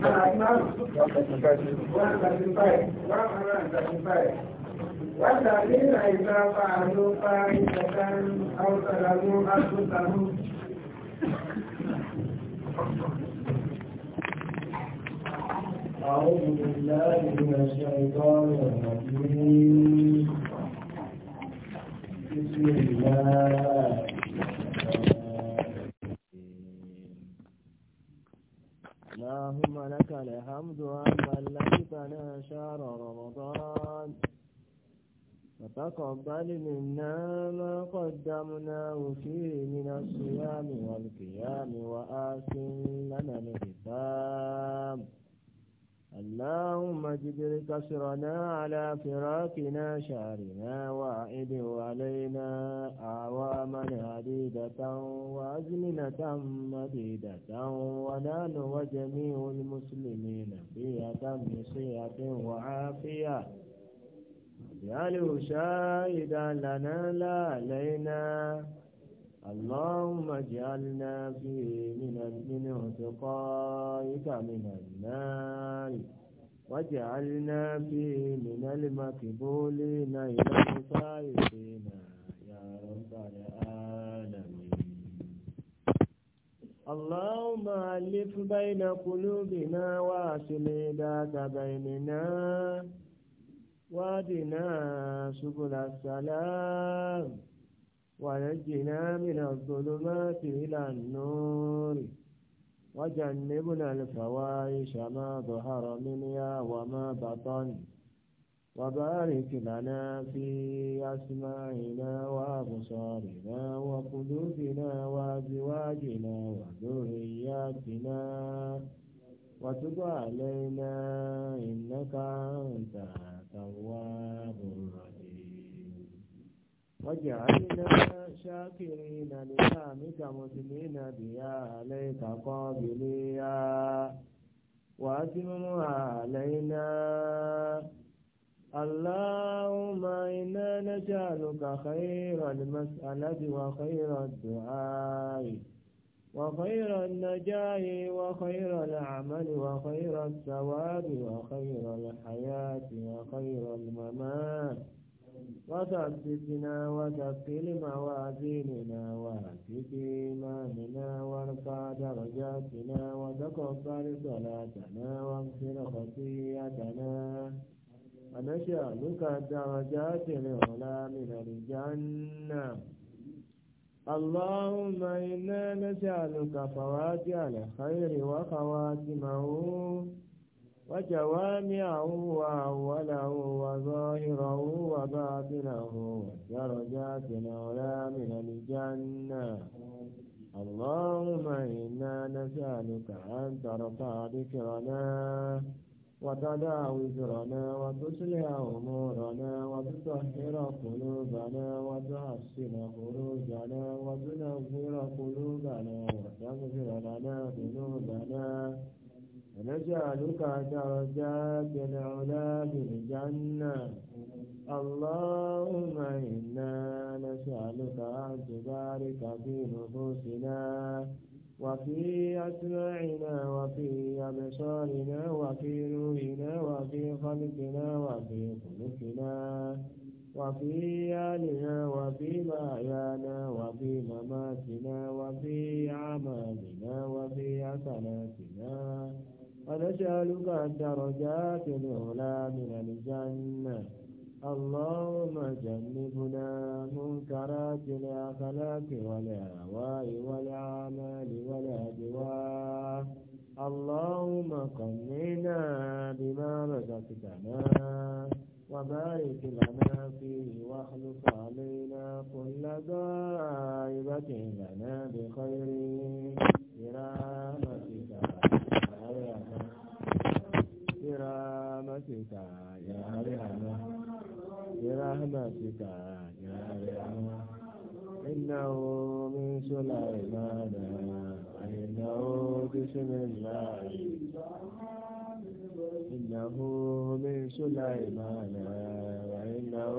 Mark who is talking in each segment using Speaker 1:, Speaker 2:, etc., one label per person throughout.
Speaker 1: والذين
Speaker 2: إذا فعلوا فاحشة أو سلموا أنفسهم
Speaker 1: أعوذ بالله من الشيطان الرجيم بسم الله اللهم لك الحمد أما لكتنا شهر رمضان وتقبل منا ما قدمناه فيه من الصيام والقيام وآسن لنا الختام اللهم اجبر كسرنا على فراكنا شهرنا واعد علينا أعواما عديدة وأزمنة مديدة ونال وجميع المسلمين في أتم صية وعافية واجعله شاهدا لنا لا علينا اللهم اجعلنا فيه من من عتقائك من النار واجعلنا فيه من المقبولين إلى السائلين يا رب العالمين اللهم ألف بين قلوبنا واصل ذات بيننا وادنا سبل السلام ونجنا من الظلمات إلى النور وجنبنا الفواحش ما ظهر منها وما بطن وبارك لنا في أسماعنا وأبصارنا وقلوبنا وأزواجنا وذرياتنا وتب علينا إنك أنت التواب الرحيم وجعلنا شاكرين لنعمك مسلمين بيا عليك قابليا واتم علينا اللهم إنا نجعلك خير المسألة وخير الدعاء وخير النجاة وخير العمل وخير الثواب وخير الحياة وخير الممات وثبتنا وثقل موازيننا واهتد إيماننا وارفع درجاتنا وتقبل صلاتنا واغفر خطيئتنا ونشألك الدرجات العلى من الجنة اللهم إنا نسألك فواجع الخير وخواتمه وجوامعه وأوله وظاهره وباطنه درجات أولى من الجنة اللهم إنا نسألك أن ترفع ذكرنا وتدع وزرنا وتصلح أمورنا وتطهر قلوبنا وتحسن خروجنا وتنور قلوبنا وتغفر لنا ذنوبنا ونجعلك درجات العلا في الجنة اللهم إنا نسألك أن تبارك في نفوسنا وفي أسماعنا وفي أبصارنا وفي روحنا وفي خلقنا وفي خلقنا وفي آلنا وفي مايانا وفي مماتنا وفي أعمالنا وفي حسناتنا ونسألك الدرجات العلى من الجنة اللهم جنبنا منكرات الأخلاق والأهواء والأعمال والأدواء اللهم قنعنا بما رزقتنا وبارك لنا فيه واخلف علينا كل غائبة لنا بخير برحمتك برحمتك يا أرحم برحمتك يا أرحم إنه من سليمان وإنه بسم الله إنه من سليمان وإنه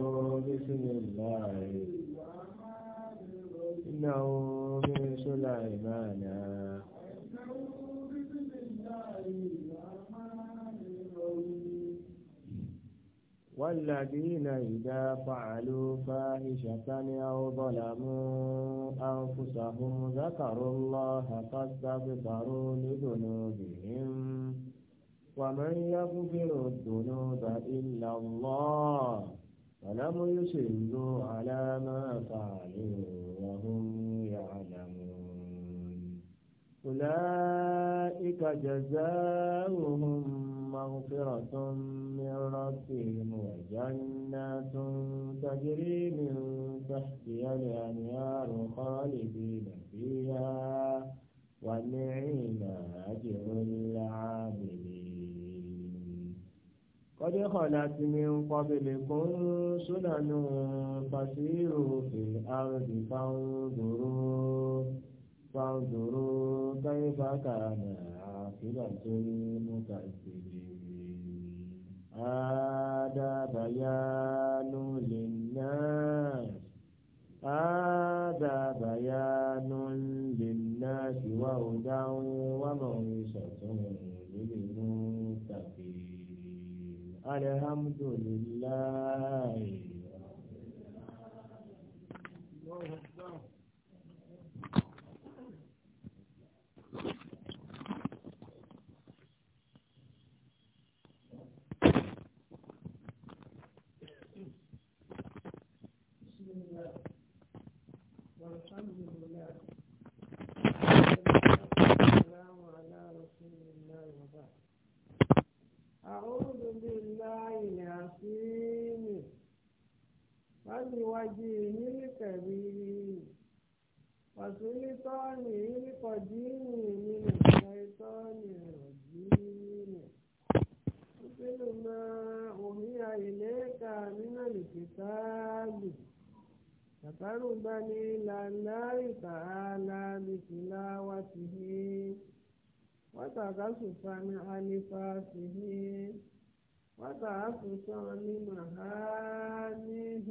Speaker 1: بسم الله إنه من سليمان والذين إذا فعلوا فاحشة أو ظلموا أنفسهم ذكروا الله فاستغفروا لذنوبهم ومن يغفر الذنوب إلا الله ولم يصروا على ما فعلوا وهم
Speaker 3: يعلمون
Speaker 1: أولئك جزاؤهم مغفرة من ربهم وجنات تجري من تحتها الأنهار خالدين فيها ونعيم أجر العاملين قد خلت من قبلكم سنن فسيروا في الأرض فانظروا فانظروا كيف كان عاقبة المكذبين هذا بيان للناس هذا بيان للناس وهدى وموعظة للمتقين الحمد لله
Speaker 2: والحمد لله والسلام على رسول الله وبعد أعوذ بالله العظيم وبوجهه الكريم وسلطانه القديم من الشيطان الرجيم مثل ما أوحي إليك من الكتاب تقربني إلى النار تعالى بتلاوته وتكسفا عن نفاسه وتعفسا لمهانيه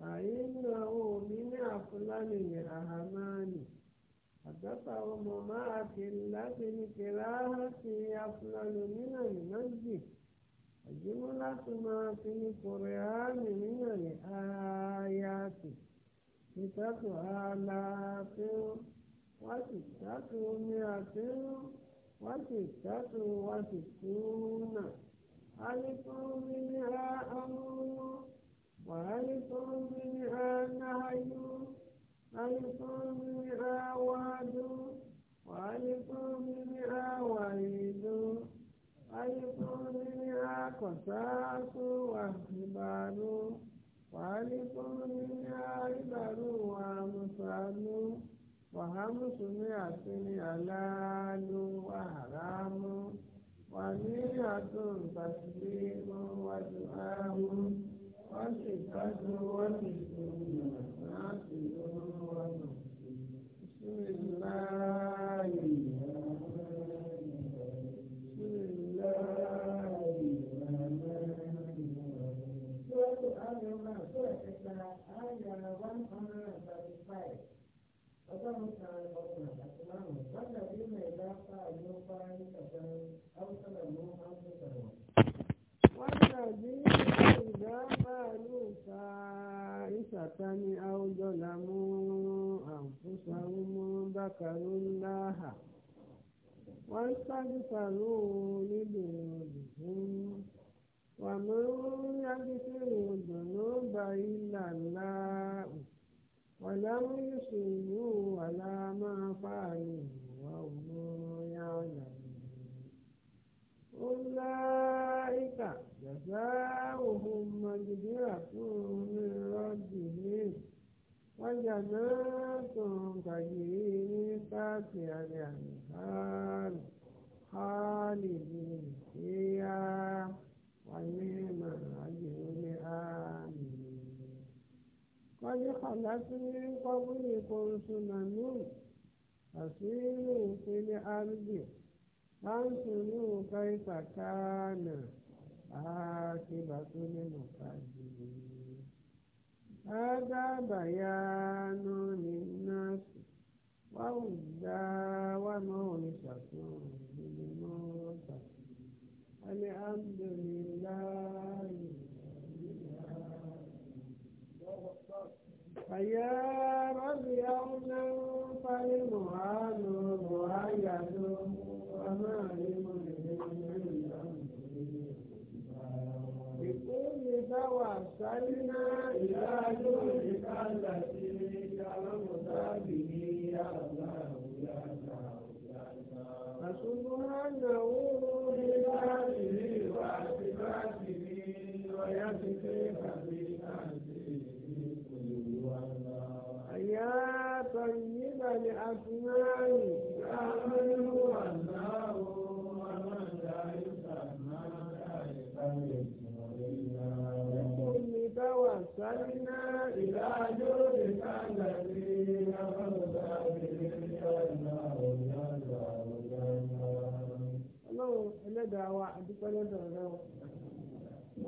Speaker 2: فإنه من أفضل الأعمال حدثهم ما في التي الكراهة أفضل من المسجد ìdíwọ́ láti máa fi ní kòrìánì níyàn ní ááyáàtì ìtàkù aláàfin wọ́n sì tàkù omi àfin wọ́n sì tàkù wọ́n sì túnà alifun mi ní àmúlò وألفٌ منها نهي ألف منها وعد وألف منها وعيد ayíkún ní akọ̀sáàkú wà ìbàrú wàhálíkún ní àìbàrú wà mùsàlú wàhámùsù ní àti ní aláàlú wà hàrámù wà ní àtún tàbí sani aw dọlamu anfusahum bakaru laha wasagifaru lidunubihin waman yagifiru dunuba illa Allah walam yusiru جنات تجري من تحتها الأنهار خالدين فيها ونعم أجر العاملين قد خلت من قبلكم سنن فسيروا في الأرض فانظروا كيف كان عاقبة المكذبين هذا بيان للناس وهدى وموعظة للمتقين الحمد لله فيا رب يوما فالمعان مؤيد وما لله àṣàyínà ìdájọ́ ìkàlà
Speaker 1: sí ní kàlámọ̀tà bìí
Speaker 2: yàrá.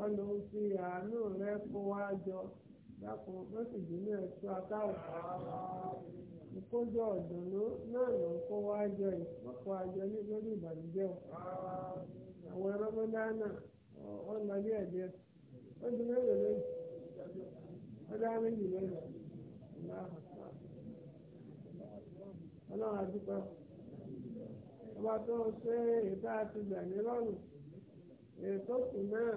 Speaker 2: ọlọ́ fi àánú rẹ kó wá jọ dákun mọ́sìdínú ẹ̀tọ́ akáwọ̀ ìkójọ ọ̀dọ́nú náà ló kó wá jọ ìkọ́kọ́ àjọ lórí ìbànújẹ́ méjì ọlọ́run ọba tó ń ṣe ètò àti lọ́rùn ètò kù náà.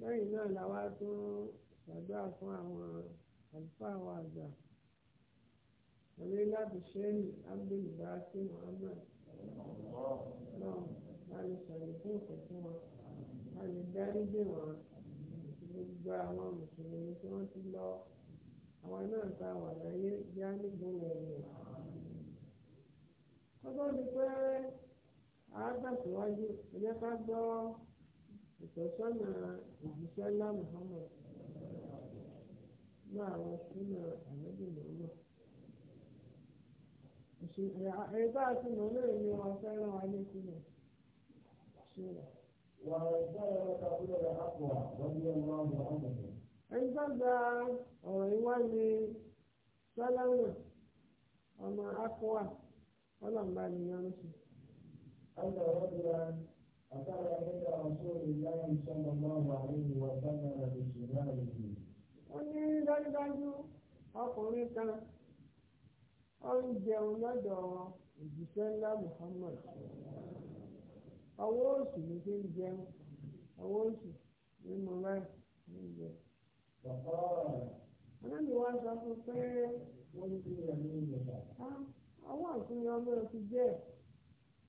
Speaker 2: lẹ́yìn náà làwa tún ṣàdúrà fún àwọn àlùfáà wa àgbà àmì láti ṣẹ́yìn abdul basi muhammad náà a lè ṣàlékún ìfẹ́ fún wọn a lè dáríjì wọn gbogbo àwọn mùsùlùmí tí wọ́n ti lọ àwọn náà ta wà láyé já nígboro ẹ̀yìn. kókó di pé àádọ́síwájú ẹ̀yẹ́ ká gbọ́. ìtọ́sọ́nà ìjíṣẹ́ ńlá Muhammad máa wọ sínú àlejò lọ́wọ́. Ẹ̀bá àti mọ̀lẹ́ ni wọ́n fẹ́ràn wa ní sílẹ̀. Ẹni tó gba ọ̀rọ̀ ìwá ni Sálámà ọmọ Akọ́wà, ọlọ́mọba ni Yọ́nùsù.
Speaker 1: أتى إلى رسول الله صلى الله عليه وسلم بشماله.
Speaker 2: ومن دلدل ọkùnrin kan ó ń jẹun lọ́dọ̀ òjíṣẹ́ ńlá Muhammad ọwọ́ òsì ló fi ń jẹun ọwọ́ òsì ní mo rẹ̀ ń jẹ. ọlọ́run wá sọ fún pé ah, ọwọ́ àfihàn ọmọ ẹ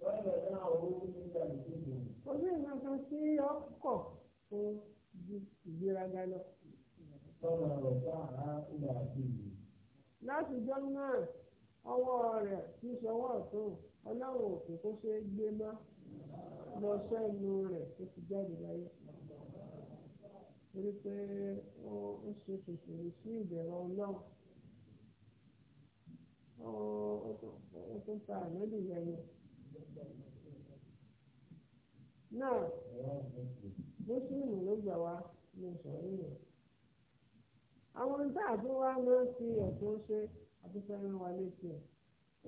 Speaker 2: kò sí nǹkan kan tí ọkọ̀ fún ìgbéraga lọ. látijọ́ náà ọwọ́ rẹ̀ ti sọwọ́ ọ̀tún ọlọ́run òkè kó ṣe é gbé mọ́ lọ sẹ́nu rẹ̀ tó ti jáde láyé torí pé ó ń ṣe kòkòrò sí ìbẹ̀rẹ̀ ọlọ́run ó tún ta náà mùsùlùmí ló gbà wá ní ìsọ̀rí yẹn àwọn tá a tún wá máa ń fi ẹ̀sùn ṣe àtúnṣe wa létí ẹ̀.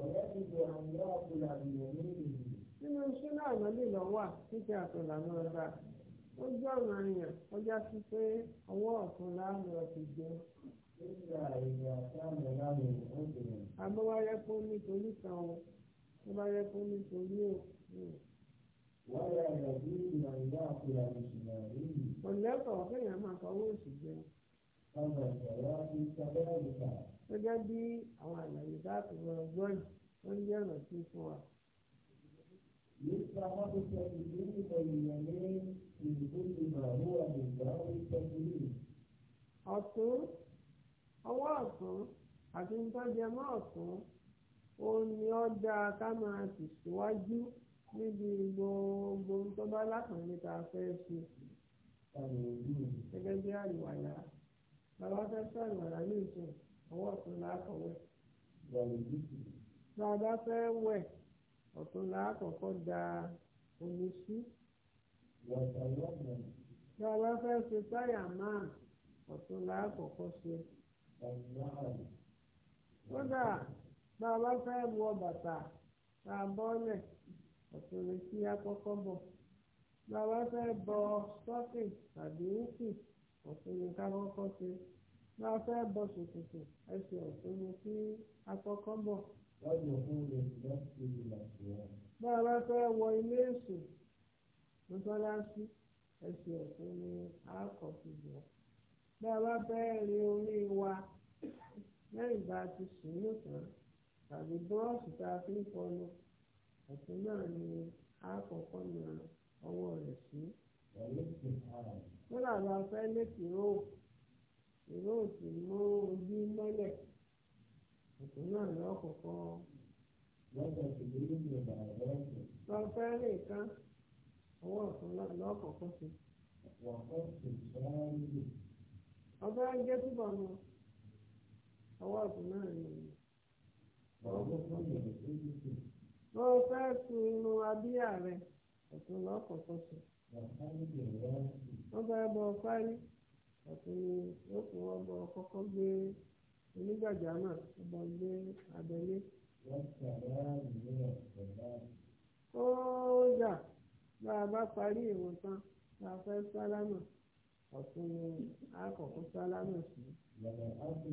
Speaker 1: ọ̀rẹ́ ti di àwọn ọ̀pọ̀lọpọ̀ àbìyàn
Speaker 2: ní ìlú. nínú iṣẹ́ náà lọ́lé lọ́wọ́ títí àtọ̀là náà rà ó jẹ́ ọ̀nà àyàn ọjà sí pé ọwọ́ ọ̀tún láàmúlò ti jẹ́. nígbà ìgbà
Speaker 1: táwọn ọ̀gá mi ò ń bẹ̀rẹ̀.
Speaker 2: àbúwáyé nítorí kan o tó bá yẹ kó nítorí o.
Speaker 1: wáyà ìdàgbé ìlànà àkùrà ìṣìnà
Speaker 2: yìí. ọ̀lẹ́kọ̀ọ́ kéèyàn máa fọwọ́ òsì jẹun. ọmọ ìṣẹ̀lá ti sábẹ́ àlùkà. gẹ́gẹ́ bí àwọn àlàyé bá tó lọ gbọ́ yìí wọ́n jẹ́ ọ̀nà tí fún wa. Nípa mọ́tòkọ̀ ìlú ìmọ̀ ìyàn ní ìlú ìmọ̀ àwọn ìgbà ìtọ́jú ọ̀tún ọwọ́ ọ̀tún àti ń tọ́jú ẹmọ́ ó ní ó dáa ká máa tẹ̀síwájú níbi gbogbo tó bá lápẹ̀lẹ́ tá a fẹ́ ṣe. gẹ́gẹ́ bí àlùwàlà bàbá fẹ́ fẹ́ àlùwàlà ní ìṣẹ̀ ọwọ́ ọ̀tún láàkọ̀wé. bàbá fẹ́ wẹ̀ ọ̀tún láàkọ̀kọ́ da omi sí. bàbá fẹ́ ṣe táyà máa ọ̀tún láàkọ̀kọ́ ṣe. kódà bá a bá fẹ́ wọ bàtà tá a bọ́lẹ̀ ọ̀tọ̀rẹ́ sí akọ́kọ́ bọ̀ bá a bá fẹ́ bọ sọ́ọ̀kì tàbí ìsì ọ̀tọ̀rẹ́ ká kọ́kọ́ ṣe bá a fẹ́ bọ ṣòkòtò ẹsẹ̀ ọ̀tọ̀rẹ́ sí akọ́kọ́ bọ̀. bá a bá fẹ́ wọ ilé èsù mọ́tọ́lásí ẹsẹ̀ ọ̀tún ni a kọ̀ fi bọ̀. bí a bá fẹ́ rin orí wa lẹ́yìn bá a ti sùn yóò tán. tàbí búrọ́ọ̀ṣì tá a fi ń fọnu náà ni a na ọwọ́ rẹ̀ sí. kódà bá fẹ́ lé tìró tìró ti mú ojú mọ́lẹ̀ ọ̀tún náà ni ọ̀kọ̀ọ̀kọ́. lọ fẹ́ lè kán ó fẹ́ sun irun abíyá ọ̀tún lọ́kọ̀ọ̀kan wọ́n fẹ́ bọ fárí ọ̀tún yóò wọn bọ kọ́kọ́ gbé onígbàjámà ọbọ̀ gbé abẹ́lé. ó jà bá a bá parí ìwọ̀n tán bá a fẹ́ sálámà ọ̀tún ni a sálámà sí.
Speaker 3: yàrá á sí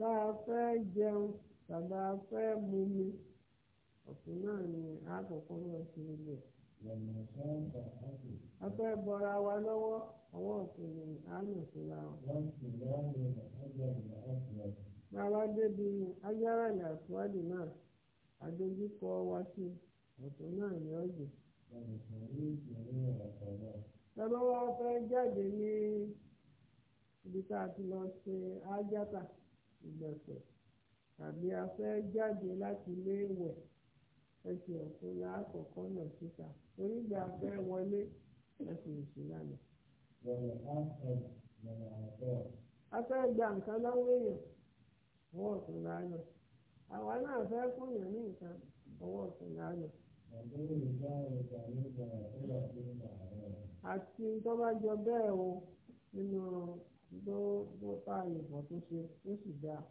Speaker 2: bá a fẹ́ jẹun tàbí a fẹ́ mumi ọ̀sùn náà ni àkọ́kọ́ náà ṣe ilẹ̀. a fẹ́ bọra wa lọ́wọ́ ọwọ́ ọ̀sùn ni síra wọn. a débi ajára ní àtúwádì náà àdójúkọ wa sí ọ̀sùn náà ni ọ̀jẹ̀. tàbí fẹ́ jáde ní ibi tá ìgbọ̀nsẹ̀ tàbí a fẹ́ jáde láti ilé ìwẹ̀ ẹsẹ̀ ọ̀tún lákọ̀ọ́kọ́ náà síta onígbà wọlé ẹsẹ̀ a gba nǹkan lọ́wọ́ èèyàn ọwọ́ ọ̀tún àwa náà fẹ́ fúnyàn ní nǹkan ọwọ́ ọ̀tún lánàá. àti tó bá jọ bẹ́ẹ̀ o nínú. ló ló ta ìbọn tó ṣe tó sì dáa.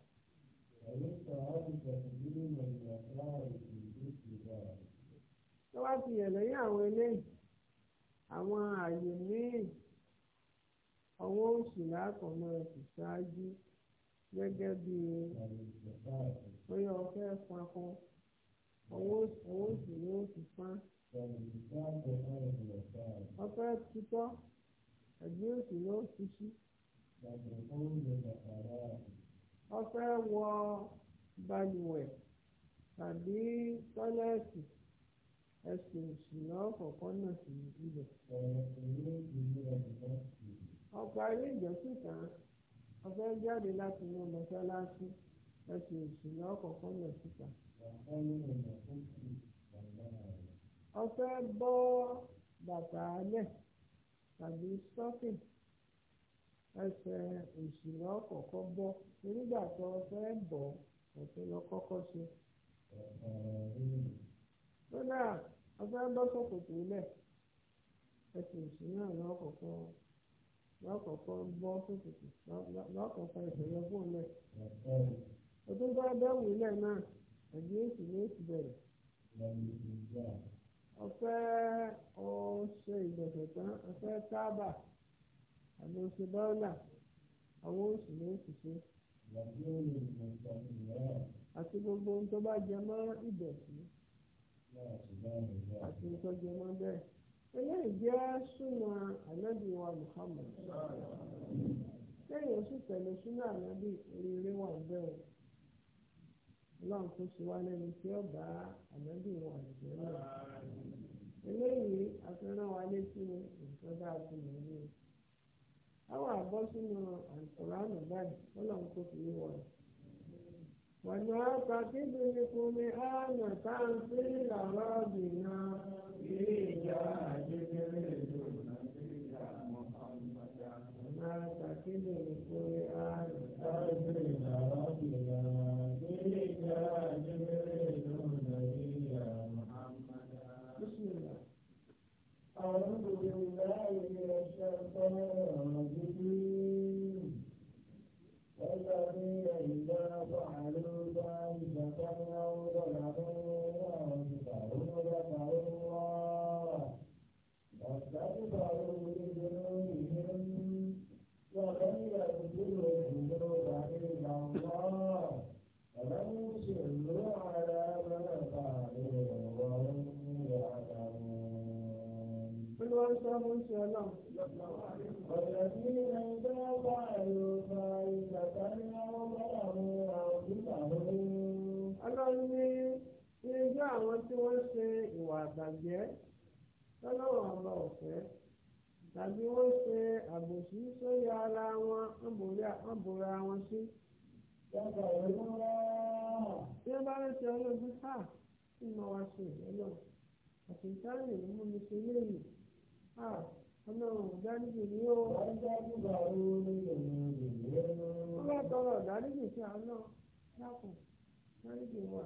Speaker 2: tó wá ti yẹ̀ lẹ́yìn àwọn eléyìí àwọn ààyè míì ọwọ́ oṣù lákọ̀ọ́mọ́ ẹ̀sì ṣáájú gẹ́gẹ́ bí bóyá ọ̀fẹ́ fakọ ọwọ́ oṣù ni ó ti pa ọ̀fẹ́ tutọ́ ẹ̀gbẹ́ oṣù ni ó ti ṣí ó fẹ́ wọ balùwẹ̀ tàbí tọ́lẹ́ẹ̀tì ẹsùn ìṣúná kọ̀ọ̀kan náà sì ibẹ̀. ọ̀pọ̀ ayé ìjọsìn kan ọ̀fẹ́ jáde láti mú mọ́ṣáláṣí ẹsùn ìṣúná kọ̀ọ̀kan náà síta. ọ̀fẹ́ bọ́ bàtà alẹ̀ tàbí stocking. ẹsẹ̀ òṣìlọ kọ̀ọ̀kọ́ bọ́ nígbà tó o fẹ́ bọ̀ ọ̀tún lọ kọ́kọ́ ṣe. lọ́nà ọfẹ́ bọ́ sọ̀kòtò lẹ̀ ẹsẹ̀ òṣì náà lọ́kọ̀ọ̀kọ́ lọ́kọ̀ọ̀kọ́ bọ́ sọ̀kòtò lọ́kọ̀ọ̀kọ́ ẹsẹ̀ fún òtún bá náà ẹ̀dí èsì àbí oṣù dọ́là àwọn oṣù ló ń ṣiṣẹ́. àti gbogbo ohun tó bá jẹ mọ́ ìdọ̀tí àti ohun tó jẹ mọ́ bẹ́ẹ̀. eléyìí jẹ́ súnmọ́ ànábì wa Muhammad lẹ́yìn oṣù tẹ̀lé súnmọ́ ànábì oríire wà bẹ́ẹ̀ ọlọ́run tó ṣe wá lẹ́nu tí ó bá ànábì wọn àjẹ́ náà eléyìí afẹ́ràn wa létí nǹkan bá a ti ní àwọn àbọ̀ sínú àkùránù báyìí ọlọ́run kò fi wọ̀ ọ́. Wàlá pàtíbi ni kò ní àmà tá à ń fi làwọn ọ̀gbìn náà. Ilé
Speaker 1: ìjà àjẹjẹrẹ ìlú Nàìjíríà
Speaker 2: mọ̀ àwọn ọ̀gbìn náà. Wàlá pàtíbi ni kò ní àmà. tí wọ́n ṣe ìwà àgbàjẹ́ lọ́lọ́wọ́ ọba ọ̀fẹ́ tàbí wọ́n ṣe àbòsí sórí ara wọn ń bora sí. bí wọ́n bá rántí ọlọ́dún ká kí ni wọ́n ṣe ìrẹ́lọ́ àtìkáyè mú mi ṣe léyìí ọlọ́run ìdáríjì ni ó wọ́n bá tọrọ ìdáríjì sí àná dákùn ìdáríjì wà.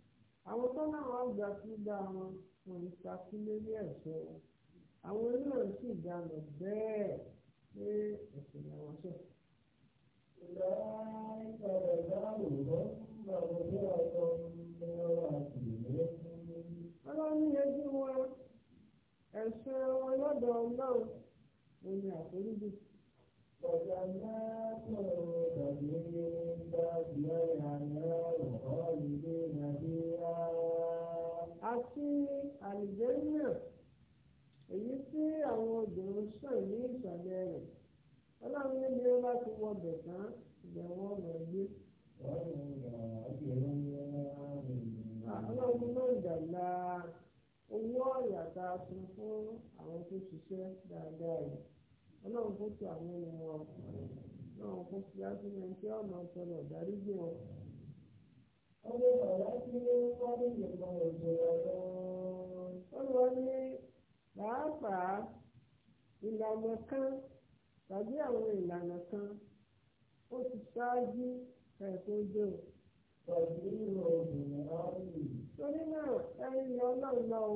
Speaker 2: àwọn tó náà gbà sígbà wọn wọn ń ṣàkúlé ní ẹ̀ṣọ́ àwọn náà sì dànù bẹ́ẹ̀ pé ẹ̀sìn làwọn ṣe.
Speaker 1: ìlà ìpàdé dáhùn lọ nígbà wo bí ọkọ mẹ́wàá àtìlẹ́.
Speaker 2: ọlọ́run yẹjú wọn ẹ̀ṣẹ̀ wọn lọ́dọ̀ náà wọn ni àforíjì. ọ̀gá náà kò dàbí ní bá ìlú ẹ̀yà náà rò. sí àlìjẹ́nà èyí tí àwọn obìnrin sàn ní ìsàlẹ̀ rẹ̀ ọlọ́run níbi ó bá ti wọbẹ̀ tán ìgbẹ̀wọ̀n ọ̀rọ̀ gbé. ọlọ́run náà dàgbà owó ọ̀yà tá fún àwọn tó ṣiṣẹ́ dáadáa rẹ̀ ọlọ́run ti àwọn ènìyàn ti á sí ẹni tí Olúwa ní pàápàá ìlànà kan tàbí àwọn ìlànà kan ó ti ṣáájú ẹ̀kọ́ jẹ́ o.
Speaker 1: Torí náà
Speaker 2: ẹ̀yin ni ọlọ́run lọ o.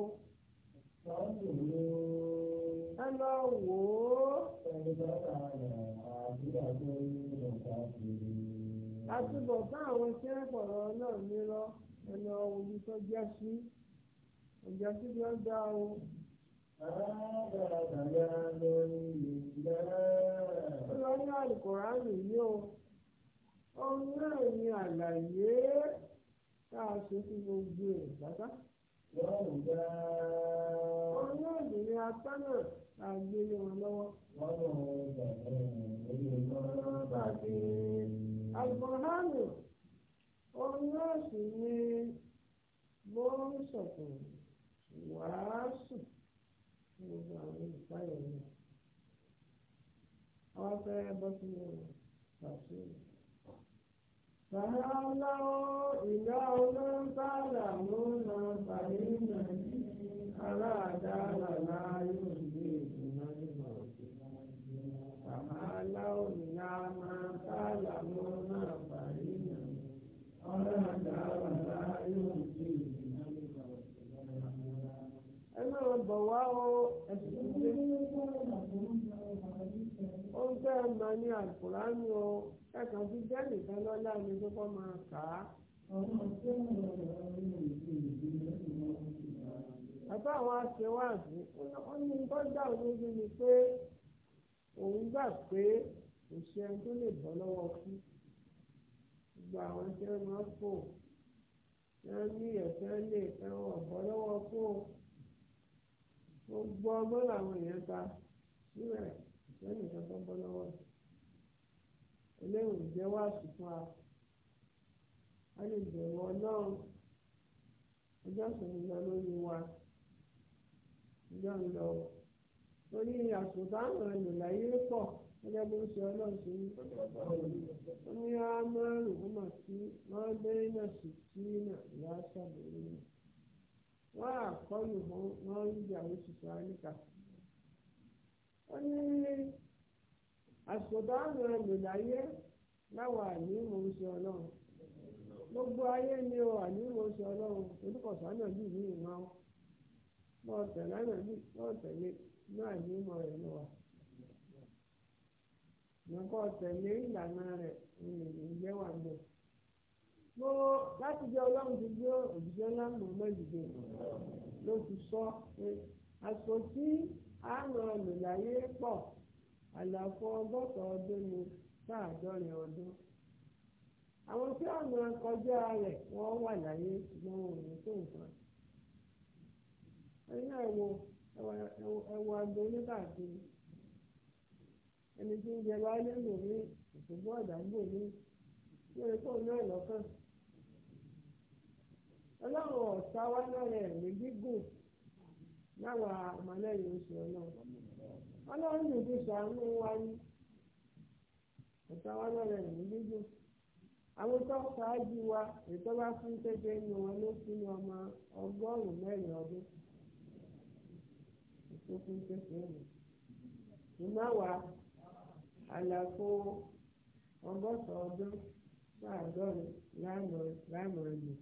Speaker 1: Ẹ lọ wò ó. bá kiri.
Speaker 2: àtúbọ̀ bá àwọn tí wọ́n náà nírọ́ ẹnu omi tó jẹ́ sí ọjà tí wọ́n dá o. Ọlọ́ ní àlùkòránì ní o, òun náà ni àlàyé tá a ṣe fún gbogbo ẹ̀ pátá. Òun náà ni apá náà tá a gbé wọn lọ́wọ́. Wọ́n mọ̀ ọ́n gbà ní ìlú Mọ́tàdé alukọ̀hánù òun náà sì ni gbóhùnsọ̀kùn wàásù gbogbo àwọn olùpáyọ̀ náà àwọn fẹ́ bọ́ sínú pàṣẹ. Fàhálà ìyá olóńtàlà ló na fàyínà ará àdáàlà láàyò ìgbé ìgbìmọ̀ ẹ máa bọ̀ wá o ẹ̀sìn tí ó ń fẹ́ mọ ní àkùránì o ẹ̀kan fi jẹ́ nìkan lọ́lá ni tó kọ́ máa kà á. Bàbá àwọn aṣèwádìí ó ní tó dá òun lójú ni pé òun gbà pé kò sí ẹni tó lè bọ́ lọ́wọ́ kú gbogbo àwọn tí wọ́n máa ń fò wọ́n ní ẹ̀fẹ́ lè ẹ̀wọ̀n ọ̀bọ lọ́wọ́ fò gbogbo ọgbọ́n làwọn èèyàn ta síbẹ̀ ìfẹ́ni kankan bọ́ lọ́wọ́ eléyìí jẹ́ wá sùpà a lè bẹ̀rù ọlọ́run ọjọ́ ìṣòro lọ lórí wa ọjọ́ ń ó ní àsùnfáàmù ẹnu láyé pọ̀ gẹ́gẹ́ bó ṣe ọlọ́run ṣe ó ní ámọ́rù ọmọ tí wọ́n bẹ́ẹ̀ náà sì tí náà lásàbẹ̀rẹ̀ wọ́n àkọlù wọn ń jà oṣù sáríkà. ó ní láwọn ń ṣe gbogbo ayé ni o àní mò ṣe ọlọ́run olùkọ̀sánà bíi ní ìmọ̀ ọ́ bíi náà ní ìmọ̀ rẹ̀ ló wà. Nǹkan ọ̀tẹ̀lé ìlànà rẹ̀ ni èyí jẹ́ wà ń bẹ̀. Mo láti jẹ́ ọlọ́run ti gbé òjijì ńlá mọ̀ mẹ́jìdé ló ti sọ pé pọ̀ àlàfo a ẹwà àgbẹ̀ oníkàkiri ẹni tí ń jẹ láyé lòmí ìṣubú ọ̀dàgbò mi lórí kó ní ọ̀lọ́kàn. ọlọ́run ọ̀sá wá lọ́rẹ̀ ẹ̀mí gígùn láwa ọmọlẹ́yìn oṣù ọlọ́run. ọlọ́run ló ti ṣàánú wa ní ọ̀sá wá lọ́rẹ̀ ẹ̀mí gígùn. àwọn tó ṣáájú wa ètò bá fún wọn ló fún lókè ìṣẹ̀ṣẹ̀ rẹ̀. ìmáwá àlàfo ọgọ́sàn ọdún láàádọ́rin láàmú ẹ̀lò.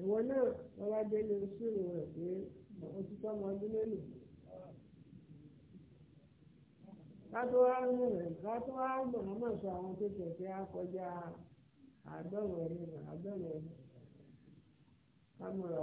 Speaker 2: ìwọ náà wọ́n délé ìṣirò rẹ̀ pé òtítọ́ ọmọ ọdún mélòó. kátó wá ń rìn kátó wá ń bọ̀ mọ́mọ́ sọ àwọn tó tẹ̀sẹ̀ àádọ́rùn àádọ́rùn kámúra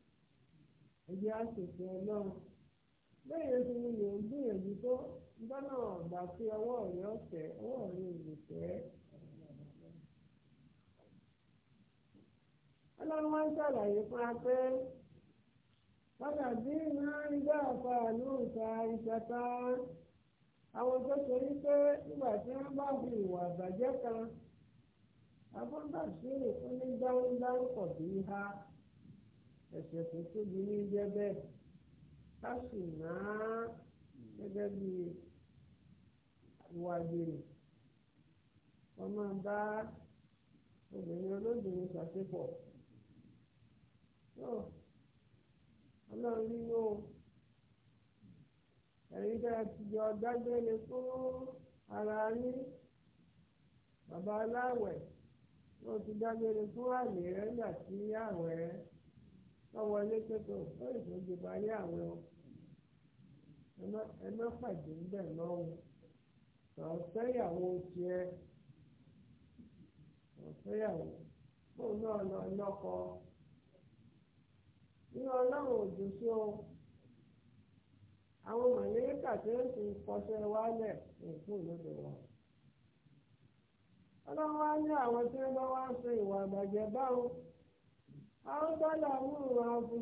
Speaker 2: eji àṣẹ̀ṣẹ̀ ọlọ́run bẹ́ẹ̀ ni mo lè ń gbìyànjú tó na ọ̀gbà sí ọwọ́ rẹ̀ ọ̀fẹ́ ọwọ́ rẹ̀ òlùfẹ́. ọlọ́run wá ń ṣàlàyé fún wa pé padà bí máa ń gbà pa ìṣàtà àwọn tó ṣe rí pé nígbà tí wọ́n bá fi ìwà àbàjẹ́ kan àbúrò bá ṣe ń ha. ẹ̀ṣẹ̀ tó tóbi ní jẹ́ bẹ́ẹ̀ ká sì máa gẹ́gẹ́ bí ìwà gbèrè wọ́n máa bá obìnrin olóbìnrin ṣàṣepọ̀ náà ọlọ́run nínú ẹ̀yin tẹ́ ẹ ti jọ dágbére fún ara yín bàbá aláwẹ̀ wọ́n ti dágbére fún àlè rẹ̀ nígbà tí àwẹ̀ lọ́wọ́ ilé pẹ̀tọ́ n'oge lè fún ìdìbò ayé àwọn ẹ má pàdé níbẹ̀ lọ́wọ́ ọ̀fẹ́yàwó tiẹ̀ ọ̀fẹ́yàwó nínú àwọn bọ́lá ń rùn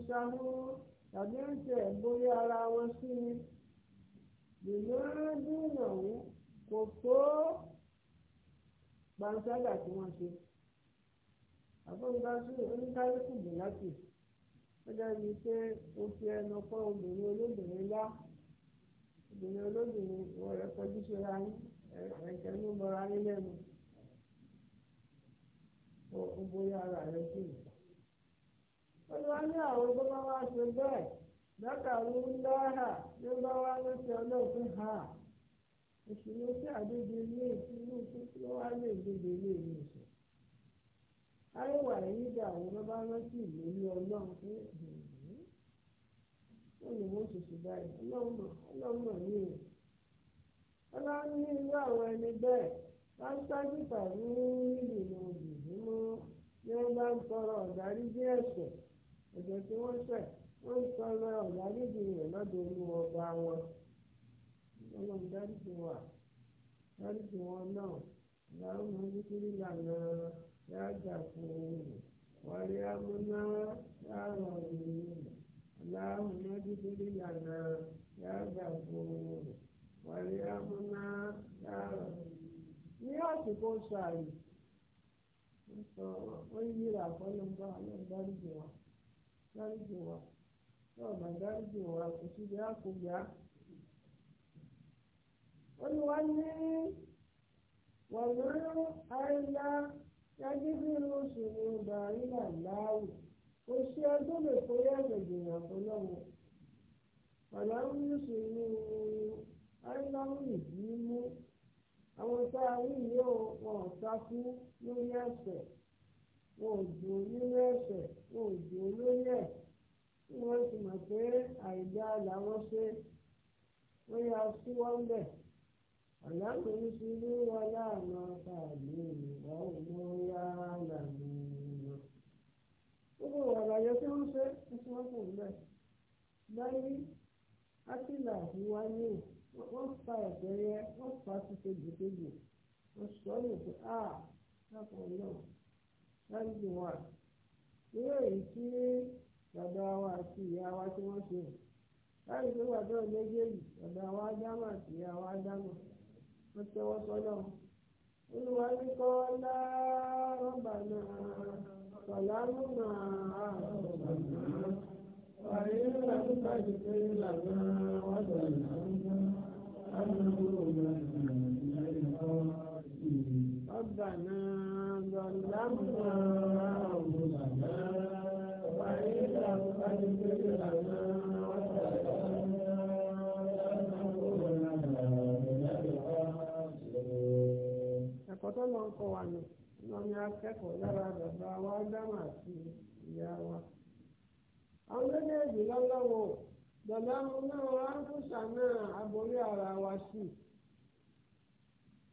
Speaker 2: tàbí ń tẹ̀ bóyá ara wọn sí ni ìmọ̀ọ́dúnrún kò tó gbansálà tí wọ́n ṣe àfọ̀nbáṣú oníkálukú bùnátì ó dábìí pé ó fi ẹnu kọ́ obìnrin olóbìnrin lá obìnrin olóbìnrin ìwọ rẹ kọjú síra yín ẹ̀jẹ̀ ló bọra yín lẹ́nu ó bóyá ara rẹ sí i. olúwa ní àwọn tó bá wá ṣe bẹ́ẹ̀ lọ́kàrú ńláhà ló bá ha ìṣòro tí àdéjì ní ìṣúlù tó tí ó wá lè gbèdè lè ahụ ìṣẹ̀. àríwá yìí dà àwọn rántí ọlọ́run wọ́n lè mú òṣìṣẹ́ báyìí ní ní àwọn ẹni bẹ́ẹ̀ ẹ̀jẹ̀ tí wọ́n ṣẹ̀ wọ́n ń sọ̀rọ̀ ọ̀dáríjì rẹ̀ lọ́dọ̀ olúwọba wọn ọlọ́run dáríjì wà wọn náà làwọn ọmọ lànà fún amúná yàrá dáríjì wá tí ọba dáríjì wá kò síbi àkùgbà olùwà ní wọ̀nyọ́rọ́ àìlá yájúbírú sùnú bàrílà láàwù kò sí ọdún lè kó yàtọ̀ jìnnà fọlọ́wọ́ pàdánù sùnú àìlá yìí mú yìí wọn wọn ò ju onírú onye wọn ò ju olórí ẹ̀ tí wọ́n ti mọ̀ pé àìdá làwọn ṣe wọ́n yá sí wọ́n bẹ̀ ọ̀làkùn ní ti rí wọn láàánú ọ̀tá àbí ìwà òun yá làmú gbogbo ọ̀rọ̀ tí wọ́n ṣe ń tí wọ́n báyìí átìlà ìwà wọ́n fa wọ́n fa ti láti wà irú èyí tí bàbá wa àti ìyá wa tí wọ́n ṣe láti tó bàbá méjèèjì bàbá wa dámà àti ìyá wa dámà wọ́n tẹ́wọ́ sọ́nà olúwa ní kọ́ lárọ́bà náà sọ̀lámù náà àrọ̀bà
Speaker 1: náà wàyí ńlá tó bá ti pé ńlá náà wà sọ̀lámù náà àrọ̀bà náà. ربنا ظلمنا
Speaker 2: ọ akẹ́kọ̀ọ́ lára bàbá wa dama àti ìyá wa. àwọn méjèèjì lọ́lọ́wọ́ bàbá mu náà áńkùsà náà aborí ara wa sí.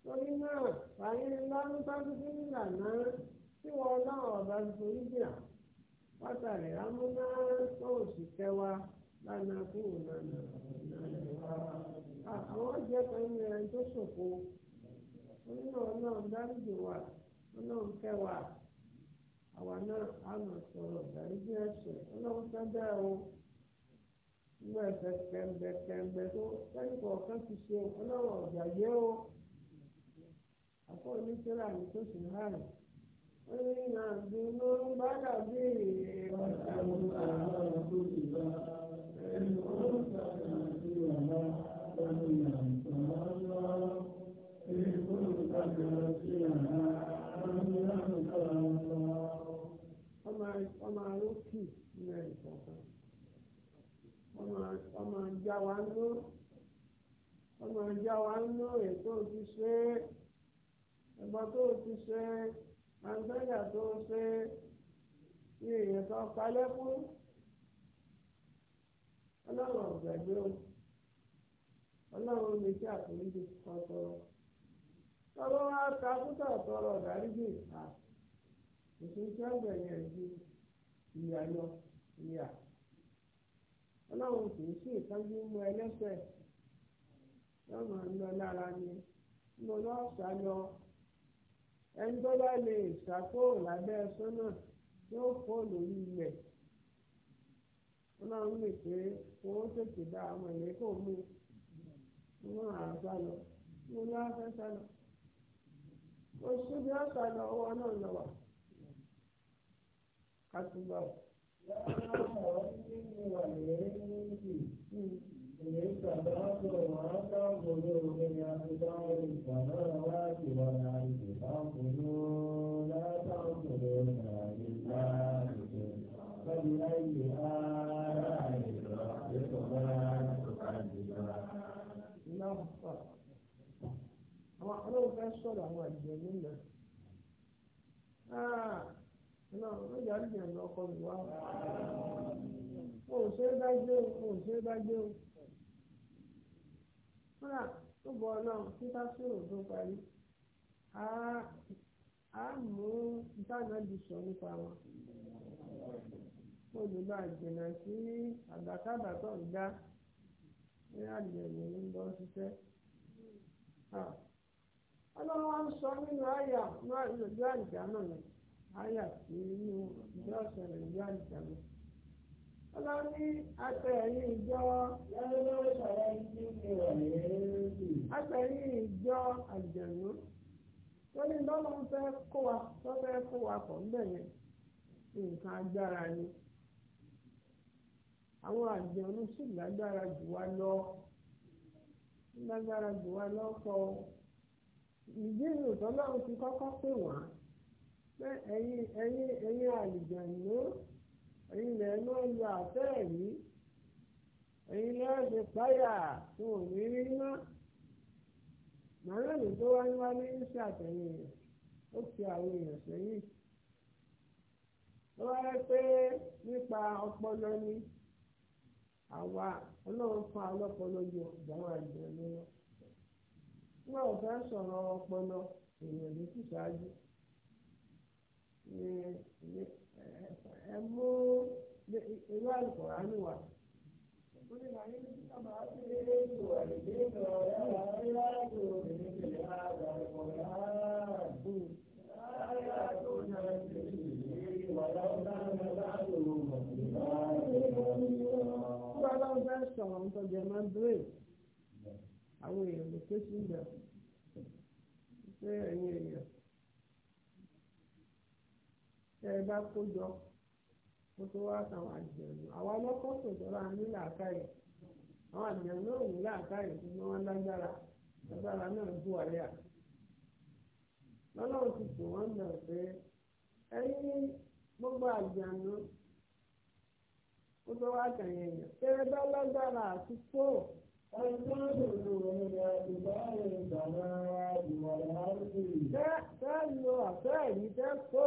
Speaker 2: torí náà fàyín lánàá sáfífì nílànà tí wọn náà ọba nítorí bíà pátàlẹ̀ amúná tó sì kẹwàá lánàá kúrò lánàá. àwọn jẹ́ ẹni tó ṣòfò wà. ọlọ́run nkewa awa na náà á mọ̀ sọ̀rọ̀ ìdáríjì ẹ̀ṣẹ̀ ọlọ́run fẹ́ bẹ́ẹ̀ o kemgbe ẹ̀fẹ̀ kẹ̀mbẹ̀ anyị tó sẹ́yìn kọ̀ọ̀kan ti ṣe ọlọ́run ọ̀jà yé o àpò oníṣẹ́lá ní tó ọmọ ìjà wa ń lò ọmọ ìjà wa ń lò ètò ti ṣe ẹ̀bọ tó ti ṣe àǹtẹ̀yà tó ṣe ìyẹn tó kalẹ́ fún ọlọ́run ọ̀gbẹ̀gbẹ́ o ọlọ́run omi tí àforíjì kan tọrọ tọrọ wa ta kúta tọrọ ọ̀dáríjì ìta òṣìṣẹ́ ọ̀gbẹ̀yìn ẹ̀jú ìyá lọ ìyá. ọlọ́run kì í sí ìtọ́jú mú ẹlẹ́sẹ̀ yóò máa lọ lára ni mo lọ sá lọ ẹni tó bá lè lábẹ́ sọ́nà lórí ilẹ̀ ọlọ́run lè pé owó tètè bá àwọn ìlé kò mú wọn à sá àwọn ọlọ́run fẹ́ sọ̀rọ̀ àwọn àjẹ́ nílẹ̀ ọlọ́run ló yọrí jẹ̀ lọ́kọ mi wá o ṣe o ò ṣe é dájú o kódà tó bọ ọlọ́run títà sóòrò tó parí a mú ìtànà di sọ nípa wọn kó lè bá jìnnà sí àgbàkàgbà ń dá ní lọ ṣiṣẹ́ ah, ọlọ́run wa ń sọ nínú àyà àyà sí inú ìjọ ṣẹlẹ̀ ìjọ àìsàn ọlọ́ní ìjọ ìjọ ní lọ́nà ń fẹ́ kó wa tó fẹ́ kó wa pọ̀ ńbẹ̀ yẹn nǹkan agbára ni àwọn àjẹ̀nú sì lágbára jù wá lọ lágbára jù wá ìdí ìrùtọ́lọ́run ti kọ́kọ́ pè wọ́n. pé ẹ̀yin ẹ̀yin ẹ̀yin àlùjànnú ẹ̀yin lẹ̀ ń lọ yìí ẹ̀yin lẹ́yìn ti páyà tó ò ní rí tó wá ṣàtẹ̀yìn rẹ̀ ó fi àwọn èèyàn sẹ́yìn wáyé pé ni àwa ọlọ́run fún alọ́pọlọ yọ fẹ́ sọ̀rọ̀ ọpọlọ ẹ mú irú àlùkò ránú wa. ó ní màá ní sábà sí ilé ìlú àlejò ìlú ọ̀rẹ́ àwọn ará àgbò òbí tẹ̀lé àgbà ẹ̀kọ́ rárá. Ayé àgbò
Speaker 1: náà ti rí èèyàn lè
Speaker 2: ké sí ìgbà pé ẹ̀yin èèyàn. tẹ́ ẹ bá kó jọ kó tó wá sáwọn àjẹ̀nù àwa lọ́kọ́ kò jọra ní làákàyè àwọn àjẹ̀nù ò ní làákàyè ṣùgbọ́n wọ́n lágbára lágbára náà bú wálé à. lọ́lọ́run ti tù pé gbogbo kó tó wá ẹ bá lágbára àti kó. lo àfẹ́ yìí kó.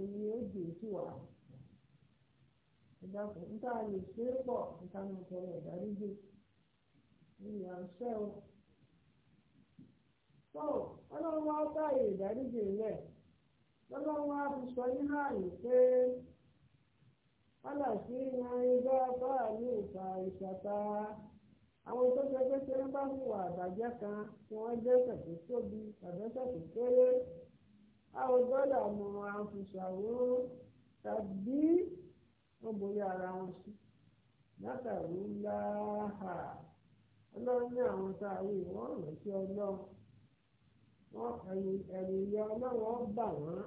Speaker 2: èyí ó di èsì wà ìdákùn níta lè ṣe é pọ̀ níta ní ọpọlọ ìdáríjì ìyà ń ṣẹ́ o. tó ọlọ́run wá báyìí ìdáríjì rẹ̀ lọ́lọ́run wá fi sọ ní ààyè pé aláṣí ìta àwọn tó ṣe pé kan tí wọ́n jẹ́ tóbi a ò gbọ́dọ̀ mọ àfùsàwòrán tàbí obìnrin ara wọn sí látàrí láhà ọlọ́run ní àwọn tá a wí wọ́n rántí ọlọ́run wọ́n ẹ̀rù ìyá ọlọ́run ó bà wọ́n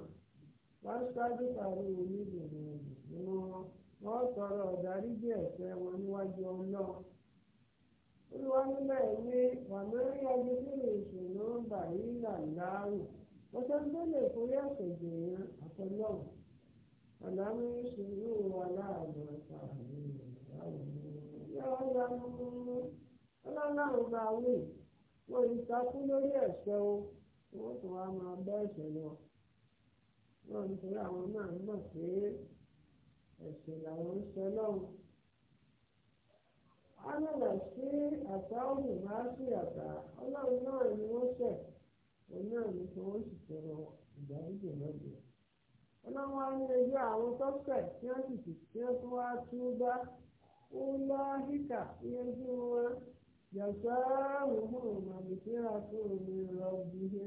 Speaker 2: wọ́n ṣáájú pàrọ̀ oníbìrì nínú wọn wọ́n tọrọ ọ̀dáríjì wọn níwájú ọlọ́run ìṣòro ń bà ọjọ́ tó lè forí àṣejù èèyàn àtọ́lọ́wọ̀ àlámú ìṣòro aláàbọ̀ àtàwọn ìyàwó ọlọ́láwọ̀ wí wọ́n ń takú lórí ẹ̀ṣẹ̀ o wọ́n tún wá máa bẹ́ ẹ̀ṣẹ̀ lọ wọ́n ń àwọn náà mọ̀ pé ẹ̀ṣẹ̀ làwọn ń ṣe lọ́wọ́ sí ọlọ́run náà ni onye náà ní kí wọ́n ije tọrọ ụlọ lọ́dọ̀ ọlọ́wọ́ ayélujú àwọn tọ́sẹ̀ tí wọ́n sì ti tí wọ́n tún wá tún bá ó lọ híkà yẹjú wọn yàtọ̀ ààrùn màbìkíra fún ọjà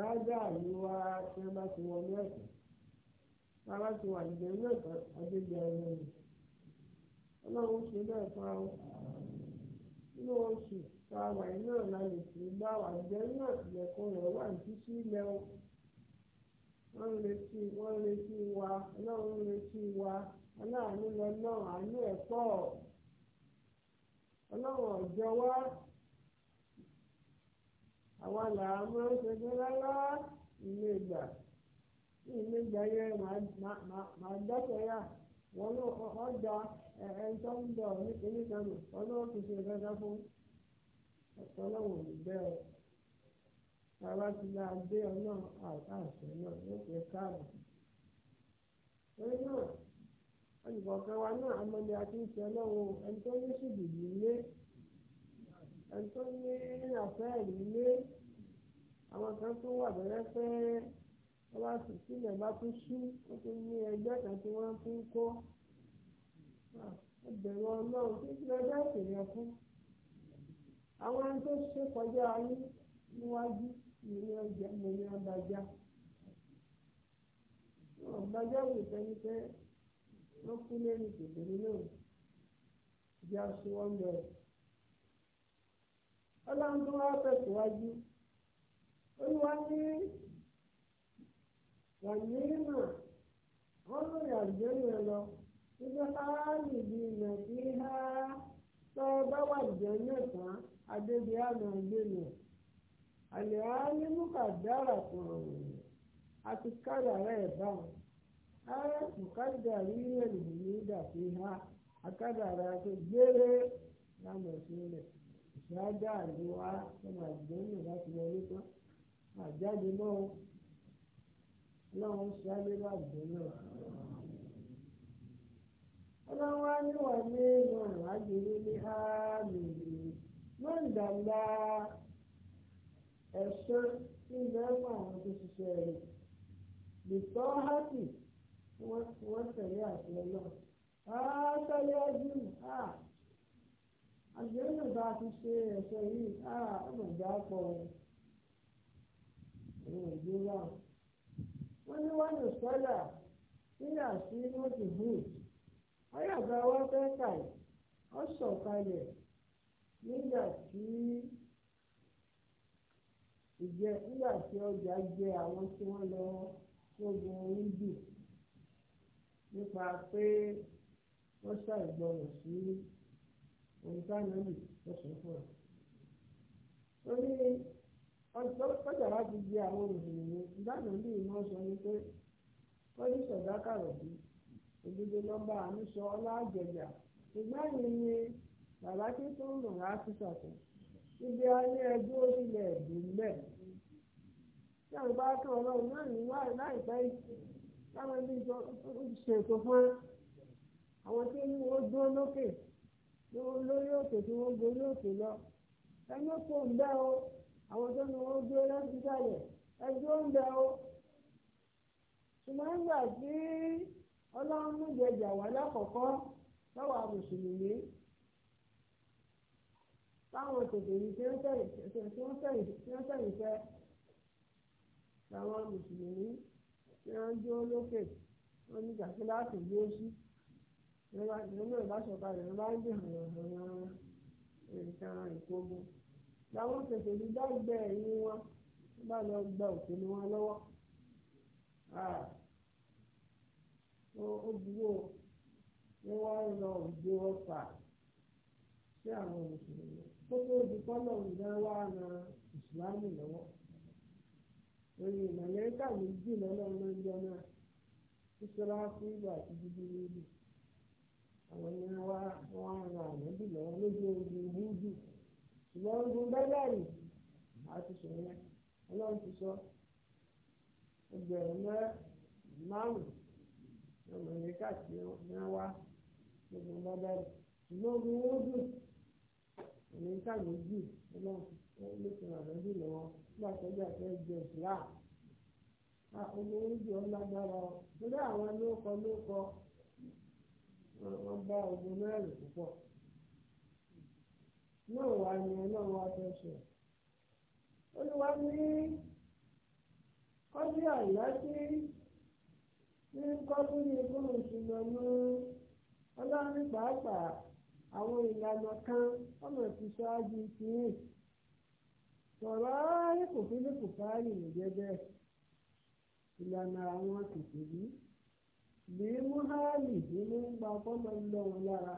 Speaker 2: a àríwá tí wọ́n bá ti wọlé ẹ̀sìn bàbá ti wà nwere ilé ẹ̀kọ́ àgbègbè ẹ̀rọ ni ọlọ́run ṣe fún oṣù tá a wà náà la lè fi bá wà jẹ́ náà ìlẹ̀kùn rẹ̀ wà ní títí ilẹ̀ o wọ́n ń retí wọ́n ń retí wa ọlọ́run àwọn làá ma ń ṣojú rárá ilé ìgbà ní ilé ìgbà yẹn màá dọ́kọ̀ yá wọn ọjà ẹni ń kanu wọn ṣe kankan fún ọlọ́wọ̀n ìgbẹ́ ọ tàbá ti la dé náà káàbọ̀ wa náà amọ̀lẹ́ àti ìṣẹ́ ẹni tó lé. ẹni tó ní àfẹ́ẹ̀lì ilé àwọn kan tó wà bẹ́rẹ́ pé wọ́n bá sì sílẹ̀ bá tún sú wọ́n tún ní ẹgbẹ́ kan tí wọ́n fi ń kó ẹgbẹ̀rún ọlọ́run tí kí lọ́jọ́ ìpèrè fún àwọn ẹni tó ṣe kọjá ayé níwájú ìrìn ọjà mọ̀nyí abàjá ọ̀gbájá wò sẹ́ni pé wọ́n kú lẹ́nu kòtò nínú ìjà sí wọ́n bẹ̀rẹ̀ ọlọ́run tó wá tẹ̀síwájú olúwa ní wàyíìmà wọ́n lò yàgbé yẹn lọ nígbà káàlì bí ilẹ̀ tí há tọ́ bá wà jẹ́ mẹ́ta adébí àmọ́ ẹgbẹ́ yẹn àlẹ́ àálẹ́ mùkàdára kan àti kádàrá ẹ̀ báwọn ara mùkàdára yíyan nìyí dà sí há àkádàrá tó gbére lámọ̀ sílẹ̀. ìṣáájá àdúrà ọmọ àgbẹ̀yìn láti wọlé tán àjáde náà ọlọ́run ṣáájú láàbò náà. ọlọ́run á níwà ní ìmọ̀ràn àgbèrè ní àgbẹ̀rẹ̀ bá ti ṣe ẹ̀ṣọ́ yìí áà ọmọ ìjà pọ̀ ẹ̀wọ̀n ìjọba wọ́n ní wọ́n lè sọ́dà nígbà tí wọ́n ti hù ọ̀yàgbà wa fẹ́ kà ó sọ̀kalẹ̀ nígbà tí ìjẹ nígbà tí ọjà jẹ àwọn tí wọ́n lọ sógun oúnjẹ nípa pé wọ́n ṣàìgbọràn sí. nǹkan nàní lọ́sọ̀ fún ọ. ó ní ọjà láti di àwọn òṣèlú ìdáná bí ibi ayé orílẹ̀ èdè tí àwọn lórí òkè tí wọ́n gorí òkè lọ ẹni kò ń bẹ́ o àwọn tó ní wọ́n gbé lọ́sítàlẹ̀ ẹjọ́ ń bẹ́ o ṣùgbọ́n nígbà tí ọlọ́run jẹjà wà lákọ̀ọ́kọ́ lọ́wọ́ mùsùlùmí táwọn tòkèrè tí wọ́n sẹ̀yìn fẹ́ táwọn mùsùlùmí tí wọ́n jó lókè wọ́n ní kàkí láti gbé sí. nínú ìbáṣọ̀kalẹ̀ ló bá ń dìhàn àwọn nǹkan ìkógun làwọn tètè ní dágbẹ́ ẹ̀yìn wọn bá lọ gba òṣèlú wọn lọ́wọ́ ó dúró ní wọ́n ń lọ òde ọfà sí àwọn mùsùlùmí kó tó di àwọn ni wọ́n wọ́n ran ànábì lọ́wọ́ lójú ogun húdù ṣùgbọ́n ogun bẹ́lẹ́rì àti sọ̀rọ̀ ọlọ́run ti sọ ẹgbẹ̀rún márùn-ún ọmọ ṣùgbọ́n ọlọ́run ràn nígbà tó wọ́n bá ogun mẹ́rin púpọ̀ náà wà ní ọlọ́run wa fẹ́ sọ olùwà ní kọ́bí àyájí ní kọ́bí ní fún ìṣúná ọlọ́run pàápàá àwọn ìlànà kan ọmọ ti ṣáájú kìíní sọ̀rọ̀ ayé kò fi ní kò fáyì nìjẹ́ bẹ́ẹ̀ ìlànà àwọn kìkìrí. bí muhali inú ń gba ọpọlọ ń lọ wọn lára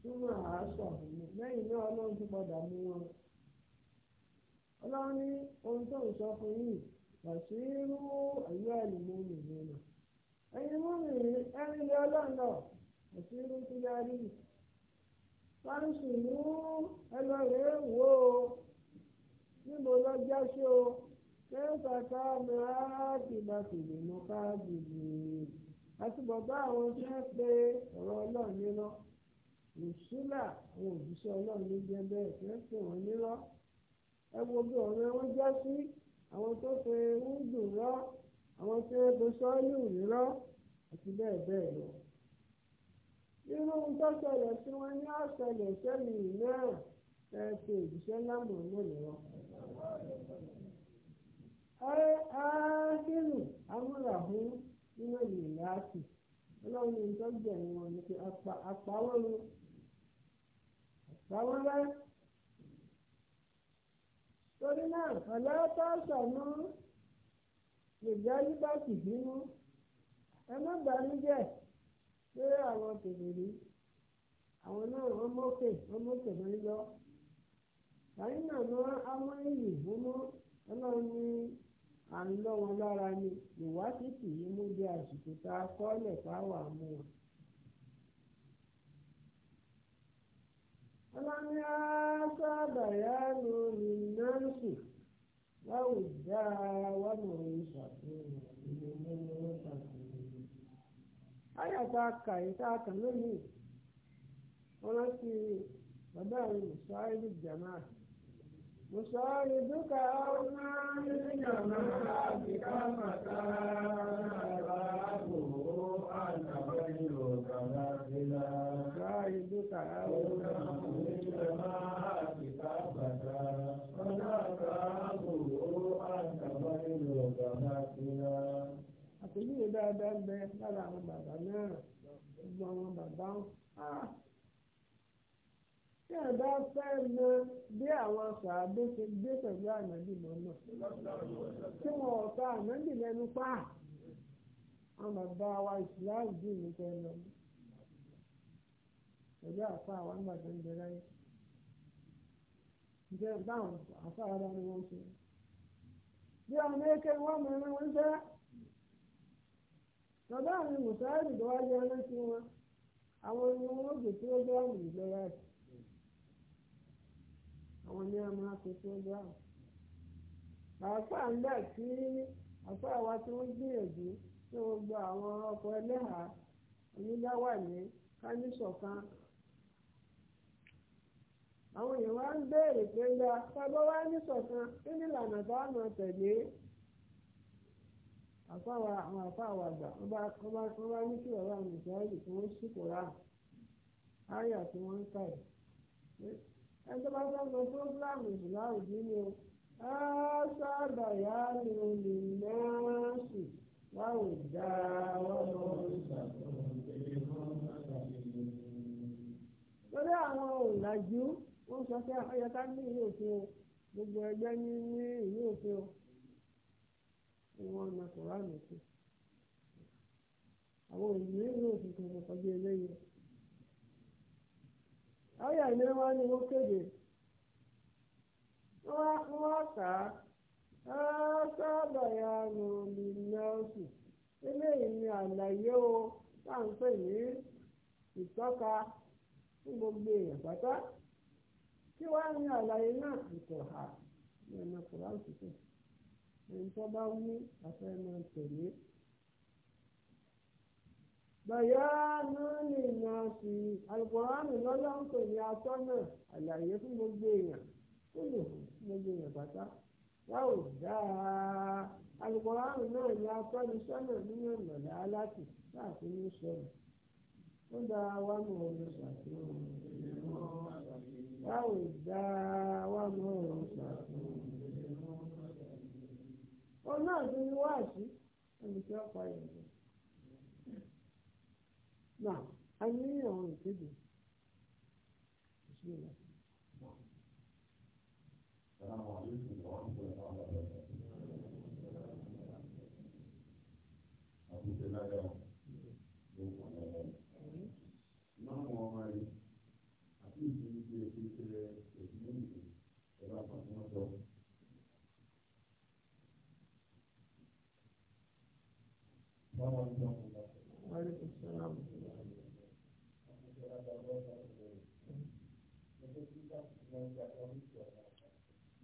Speaker 2: túmọ̀ àásọ ọ̀hún lẹ́yìn náà ọlọ́run ti padà mú wọn. ọlọ́run ní ohun tó ń sọ fún yìí bàṣírú ẹ̀yọ́ àlùmọ́ nìyẹn nà. ẹ̀yin mú mi rí ọlọ́run lọ fáńsì mú wò ó àti bàbá àwọn tí wọ́n pe ọ̀rọ̀ ọlọ́run nírọ́ lùsúlà àwọn òjíṣẹ́ ọlọ́run ló jẹ́ bẹ́ẹ̀ tí wọ́n pè wọ́n nírọ́ ẹ wo bí ọ̀rọ̀ wọn já sí àwọn tó pe wúdù rọ́ àwọn tí wọ́n pe sọ́ọ́lù nírọ́ àti bẹ́ẹ̀ bẹ́ẹ̀ lọ. nínú ohun tó ṣẹlẹ̀ sí wọn ní àṣẹlẹ̀ sẹ́mi náà ẹ pe òjíṣẹ́ lámọ̀ náà nírọ́. ẹ ẹ́ dínú amúràhún nínú ènìyàn láàtì ọlọ́run ní ìtọ́jú ẹ̀mí wọn ni pé àpáwọ́rú àpáwọ́rẹ́ torí náà ọ̀lẹ́ tọ́sọ̀ mú lèdí ayúbáàkì bínú ẹ má bàánújẹ́ pé àwọn tòbìrì àwọn náà wọ́n mọ́kè wọ́n mọ́kè wọ́n lọ. lẹ́yìn náà ni wọ́n á mọ́ èyí wọ́n mọ́ ọlọ́run ní. à wọn lára ni ìwádìí kì mú dé àsìkò tá a kọ́lẹ̀ fáwọn àmú wọn. ọlọ́ni á sábà yá lu nínú wáwù dá wàmùrún ṣàfihàn ìlú mẹ́rin ṣàfihàn. ayàtà kàyí tá a kàn lónìí wọ́n rántí bàbá مساعدك أو إنما بك متاعه
Speaker 1: أنا غيرك نازلا مساعدك
Speaker 2: أو إنما بك متاعه
Speaker 1: أنا غيرك نازلا
Speaker 2: àpèjúwe dáadáa ń bẹ lára àwọn bàbá náà gbogbo àwọn bàbá ń. tí ẹ bá fẹ́ mọ bí àwọn sàádé ṣe gbé pẹ̀lú ànábì lọ́nà tí wọ́n ò ta lẹ́nu pa bá wa ìsìláàmù dì ní kẹlẹ pẹ̀lú àfa àwọn àgbàdo ń bẹ láyé ǹjẹ́ báwọn àfa eke mọ ẹni mi mùsáàlì ẹni tí àwọn ẹni àwọn ní ọmọ aṣòfin ọjọ́ àwọn. àpá àwa tí wọ́n gbìyànjú tí wọ́n gba àwọn ọkọ̀ ẹlẹ́hà onídáwà ní kánísọ̀kan. àwọn èèyàn wá ń béèrè pé ńlá sábọ́ wá nísọ̀kan kí ni ìlànà táwọn máa tẹ̀lé àfáwà àwọn àfáwà àgbà wọ́n bá ní kí ọ̀rọ̀ àwọn tí wọ́n ẹni tó bá fẹ́ lọ fúrógíráàmù ìṣúná òjì ni o á sábà yá ni o lè náà sì wá ò dá wọn lọ. lórí àwọn òǹrajú wọ́n sọ pé ọyọ ká ní ìlú òfin o gbogbo ẹgbẹ́ ní ní ìlú òfin o ìwọ̀n ọ̀nà kòránù sí àwọn òyìnbó ìlú òfin kan kọjá eléyìí. ọya nyere nwanne nwoke gị nwata saa asábà ya lòlì nọ́ọ̀sì eléyìí ni àlàyé o tá à ń pè ní ìtọ́ka fún gbogbo ha na ẹ̀mọ́ kùráǹtì tó ẹni tó bá wú bàyánú nìyà sí alukóránù lọ́lọ́ ń pè ní atọ́nà àlàyé fún gbogbo èèyàn tó lè fún gbogbo èèyàn pátá báwo dáa alukóránù náà ní atọ́ni sọ́nà nínú ìmọ̀lẹ́ aláàtì láti ní sọ́nà ó dáa wá mọ̀ ọ́n ṣàfihàn báwo dáa wá mọ̀ ọ́n ṣàfihàn. òun náà ti ní wáàsí ẹnì tí wọ́n pa yẹn náà a ní àwọn ìkéde ìṣúná.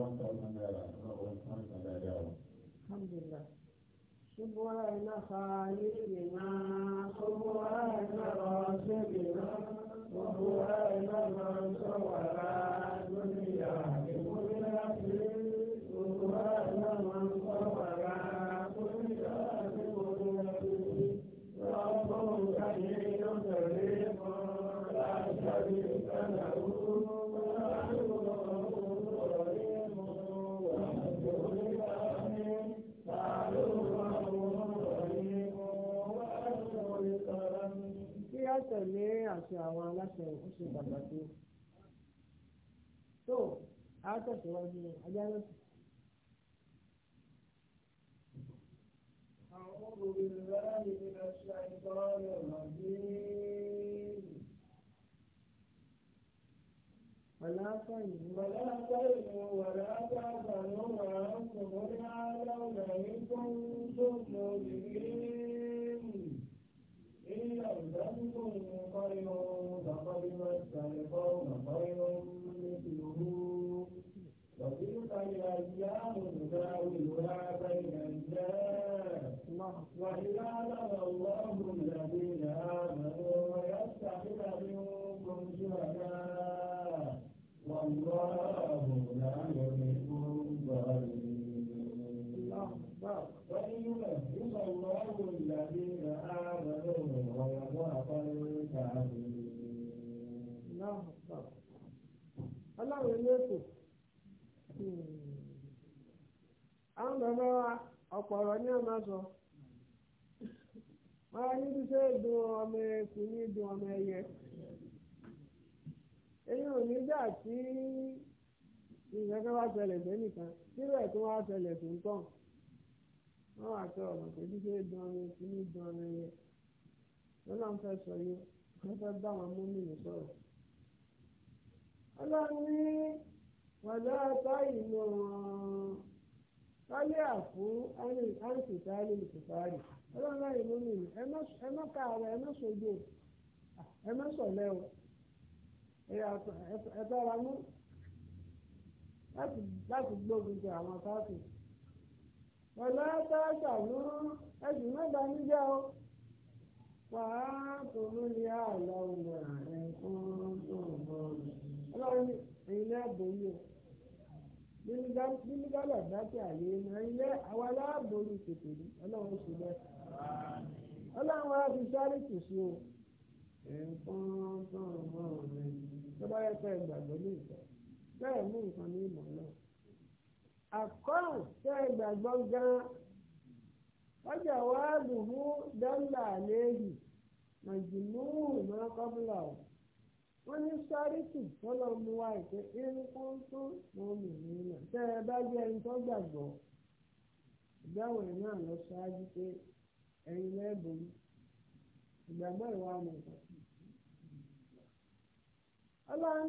Speaker 1: one thousand naira náà wọ́n fún àìsàn dáadáa o.
Speaker 2: alhamdulilah ṣubúra iná fa yíyí náà ṣubúra iná lọ síbi náà ṣubúra iná àṣẹ àwọn aláṣẹ ó ṣe pàtàkì tó a tẹ̀síwájú ajárẹ́sì. أعوذ بالله من الشيطان الرجيم ولا تهنوا ولا تهنوا ولا تحزنوا وأنتم الأعلون إن كنتم مؤمنين
Speaker 1: ذنب خير فقد مس القوم خير مثله وتلك الأيام نداولها بين الناس وإذا لقى الله
Speaker 2: àwọn elétò àwọn bàbá wa ọ̀pọ̀rọ̀ ní ọ̀nà sọ wọ́n á níbi tó dùn ọmọ ẹ̀kú ní dùn ọmọ ẹ̀yẹ èyí ò nígbà tí ìrẹ́kẹ́ wá ṣẹlẹ̀ lẹ́nìkan síbẹ̀ tó wá ṣẹlẹ̀ tó ń tàn wọ́n wá sọ ọ̀nà pé ṣíṣe dùn ọmọ ẹ̀kú ní dùn ọmọ ẹ̀yẹ lọ́nà ń fẹ́ sọ yìí wọ́n fẹ́ bá wọn mú mi nì sọ̀rọ̀. ọlọ́run ní wàlá táyì mọ̀ kálí àfún àǹtìtà ọlọ́run láyé mú mi ẹ má káàárọ̀ ẹ má sojú ẹ sọ̀lẹ́ o ẹ tọ́ra mú láti gbógun ti àwọn káàkiri mẹ́ta o ní àlọ́ tó ń bọ̀ ọlọ́run ní ẹ̀yin náà borí o bílígálà dákẹ́ àyè ẹ̀yin náà àwa aláàbòrú tètè rí ọlọ́run ṣe bẹ́ẹ̀. ọlọ́run á fi sáré tù sí o. ẹ̀ǹkan tọ̀rọ̀ mọ́ ọ̀rẹ́ yìí. tó bá yẹ pé ìgbàgbọ́ ní ìfẹ́ bẹ́ẹ̀ mú nǹkan ní ìmọ̀ náà. àkọ́rùn tẹ́ ìgbàgbọ́ gan-an ọjà wàá dùn fún dọ́là lẹ́yìn màjìmúù náà ọ̀hún. onye ní sáríkì tọ́lọ̀ mú wa ìpè irúkún tó wọ́n mì nínú tẹ́ ẹ bá jẹ́ ẹni tó gbàgbọ́ ìdáhùn ẹ̀ náà lọ ṣáájú pé ẹ̀yin lẹ́bùrú ìgbàgbọ́ ìwà ọmọọ̀tọ̀. ọlọ́run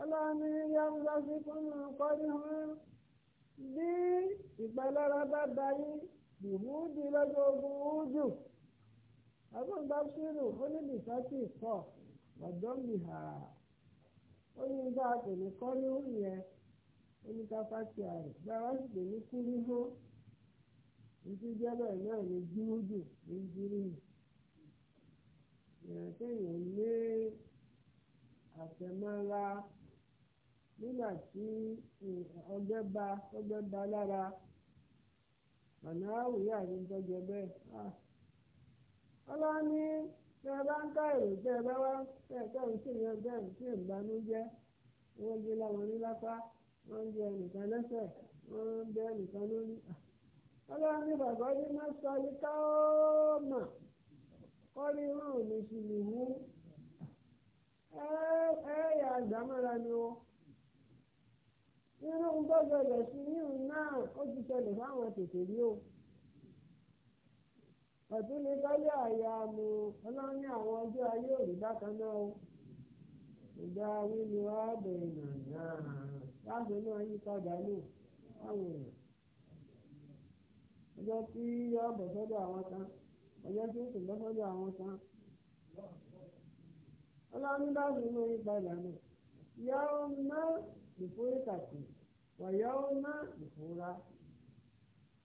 Speaker 2: ọlọ́ni yáńgbá sí fún kọ́rí hàn bí ìpalára bá darí bìbúdì lọ́jọ́ ogun ojú àbúgbà sírù ó ní bìsátì pọ̀ ọ̀dọ́ bìhà ó ní bá a pè ní kọ́rí yẹn ó ní káfáàtì àrè bá a wá sì pè ní kúrí hàn ìtú jẹ́ bẹ́ẹ̀ náà ní júújù ní júújù ìrìn àtẹ̀yìn ní àtẹ̀mọ́ra nígbà tí ọgbẹ́ bá ọgbẹ́ bá lára àná àwùyá àti ìtọ́jọ bẹ́ẹ̀. ọlọ́run ní tẹ́ ẹ bá ń ká èrò tẹ́ ẹ bá wá tẹ́ ẹ kọ́ ìṣe yẹn bẹ́ẹ̀ tí ì banújẹ́ wọ́n gbé láwọn ní lápá wọ́n jẹ ẹnìkan lẹ́sẹ̀ wọ́n bẹ́ ẹnìkan lórí. ọlọ́run ní bàbá yìí má sọ ní káọ́mà kọ́rí irun mi sì nìhú ẹ̀ẹ́yà àgbàmọ́ra ni wọ́n. irú gbọ́dọ̀ rẹ̀ sí yíyún náà ó ti ṣẹlẹ̀ fáwọn tètè rí o. ọ̀tún ni àyà mu ọlọ́run àwọn ọjọ́ ayé òní bákan náà o. ìgbà wíwú ààbò ìnànà láti náà yí padà nù fáwọn èèyàn. ọjọ́ tí yọ ọ̀bọ̀ sọ́dọ̀ àwọn kan ọjọ́ tí ó sì lọ sọ́dọ̀ àwọn kan. ọlọ́run bá fi mú padà nù. yàrá náà. lùfúrí kàtì wọ̀yá ó ná lùfúra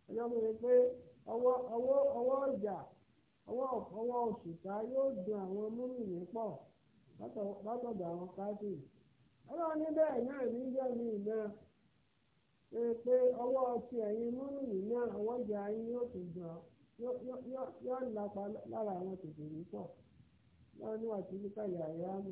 Speaker 2: ọjọ́ pé ọwọ́ ọwọ́ ọwọ́ ọjà ọwọ́ ọwọ́ òṣùpá yóò dun àwọn múmìnì pọ̀ látọ̀dọ̀ àwọn káàtì ọlọ́run bẹ́ẹ̀ náà ní ìjọ mi ṣe pé ọwọ́ múmìnì náà ọwọ́ yín yóò tún dùn yóò lára àwọn yìí pọ̀ lọ́wọ́ níwájú nípa ìyá ìyá mi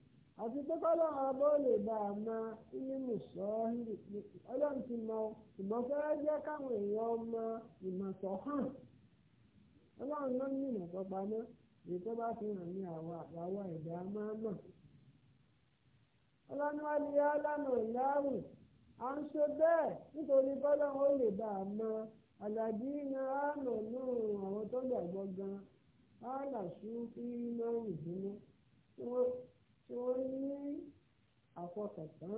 Speaker 2: àti pé kọ́lọ́run ọba lè bá a mọ ílímù sọ́ọ́hìrì ọlọ́run ti mọ ìmọ̀fẹ́rẹ́ jẹ́ káwọn èèyàn mọ ìmọ̀tọ̀ hàn ọlọ́run ló ní ìmọ̀tọ̀ pamọ́ èyí tó bá fi hàn ní ẹ̀dá máa mọ̀ ọlọ́run wá à ń ṣe bẹ́ẹ̀ nítorí a àlàjì tí wọ́n ní àfọkàntán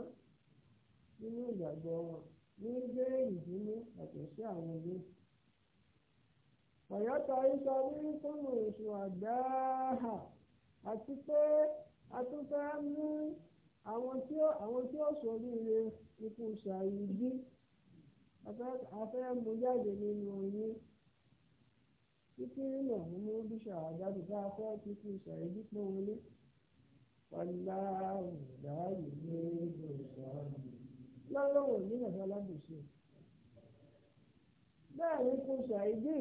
Speaker 2: nínú ìgbàgbọ́ wọn ní bẹ́ẹ̀rì nínú yàtọ̀ sí àwọn ilé. ọ̀yọ́ta iṣẹ́ onírísọ́nù èso àgbáhà àti pé a tún fẹ́ mú àwọn tí ó àwọn tí ó ṣoríire ikú ṣàyíjí a fẹ́ mú jáde nínú yín títí náà mú bí ṣàwádà tó bá fẹ́ títí ṣàyíjí pọ́n wọlé aláwọ̀ dáàbò ní ìgbòsàn lọ́lọ́wọ̀ ní nàìjíríà lábùsùn bẹ́ẹ̀ ni kò ṣàìdí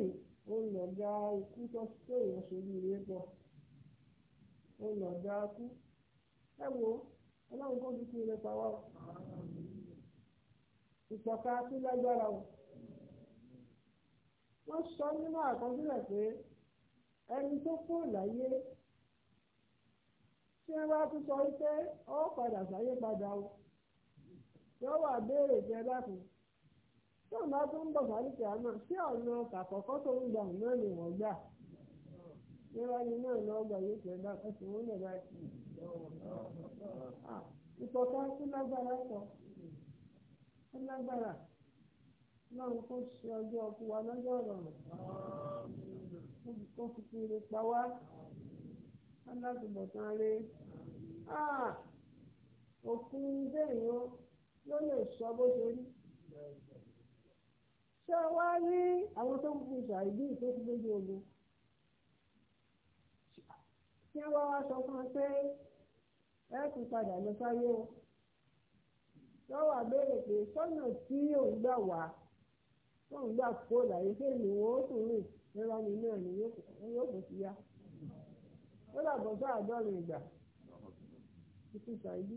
Speaker 2: olùdá ikú tó kéèyàn sórí ilé pọ̀ olùdá kú ẹ wo ọlọ́run kó fi kú ilé pa wá ìtọ́ka sí lágbára o wọ́n sọ nínú àkọsílẹ̀ pé ẹni tó kó láyé tí wọ́n bá tún sọ wípé ọ padà sáyé padà o yóò wà béèrè jẹ dákun tí òun bá ń bọ̀ fàlùkì àmọ́ sí ọ̀nà kàkọ́kọ́ tó ń gbà náà ni wọ́n gbà níwájú náà gbà yóò jẹ dákun lè bá ti lágbára sọ lágbára náà kó ṣe ọjọ́ ọkùnrin wa lọ́jọ́ ọ̀rọ̀ rẹ̀ kó fi pa wá. aládùúgbòtán ah! òkun bẹ́ẹ̀ ló lè sọ bó ṣe rí ṣé wá rí àwọn tó ń fi ṣàìdí tó fi lójú ogun tí wọ́n wá sọ fún ọ pé ẹ kú padà lọ sáyé o lọ́wọ́ àbẹ̀rẹ̀ pé sọ́nà tí òun gbà wá tóun gbà kó láyé fẹ́ẹ́ nìwọ̀n ó tún rìn nígbà nínú ẹ̀ ní yóò kó sí yá. kódà bọ́sà àádọ́rin ìgbà títí ṣáìdí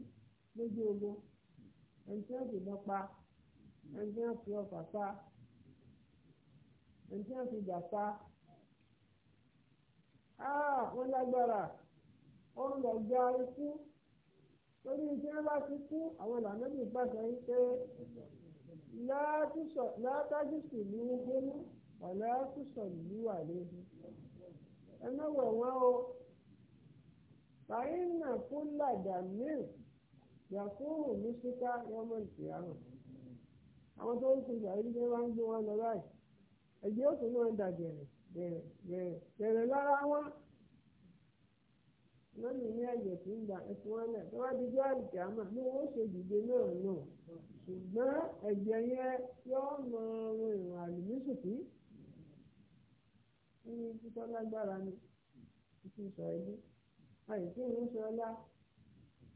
Speaker 2: lójú ogun ẹni tí wọ́n fi dán pa ẹni tí wọ́n fi ọfà pa ẹni tí wọ́n fi dà pa wọ́n ah, lágbára ó ń lọ gba ikú torí tí wọ́n ti kú fàyínà kúlà dàmíl yàkúrò ní síká yọmọ ìkìyàmọ àwọn tó ń sin ìgbàlódé ṣe máa ń gbé wọn lọ báyìí ẹ̀jẹ̀ òkú náà dà bẹ̀rẹ̀ bẹ̀rẹ̀ bẹ̀rẹ̀ bẹ̀rẹ̀ lára wọn lónìí ní ẹ̀jẹ̀ tí ń gbà ẹ̀sìn wọn lẹ̀ tó bá di bí àlùkìyàmọ ní wọn ó ṣe ni àìsí ń sọ ọlá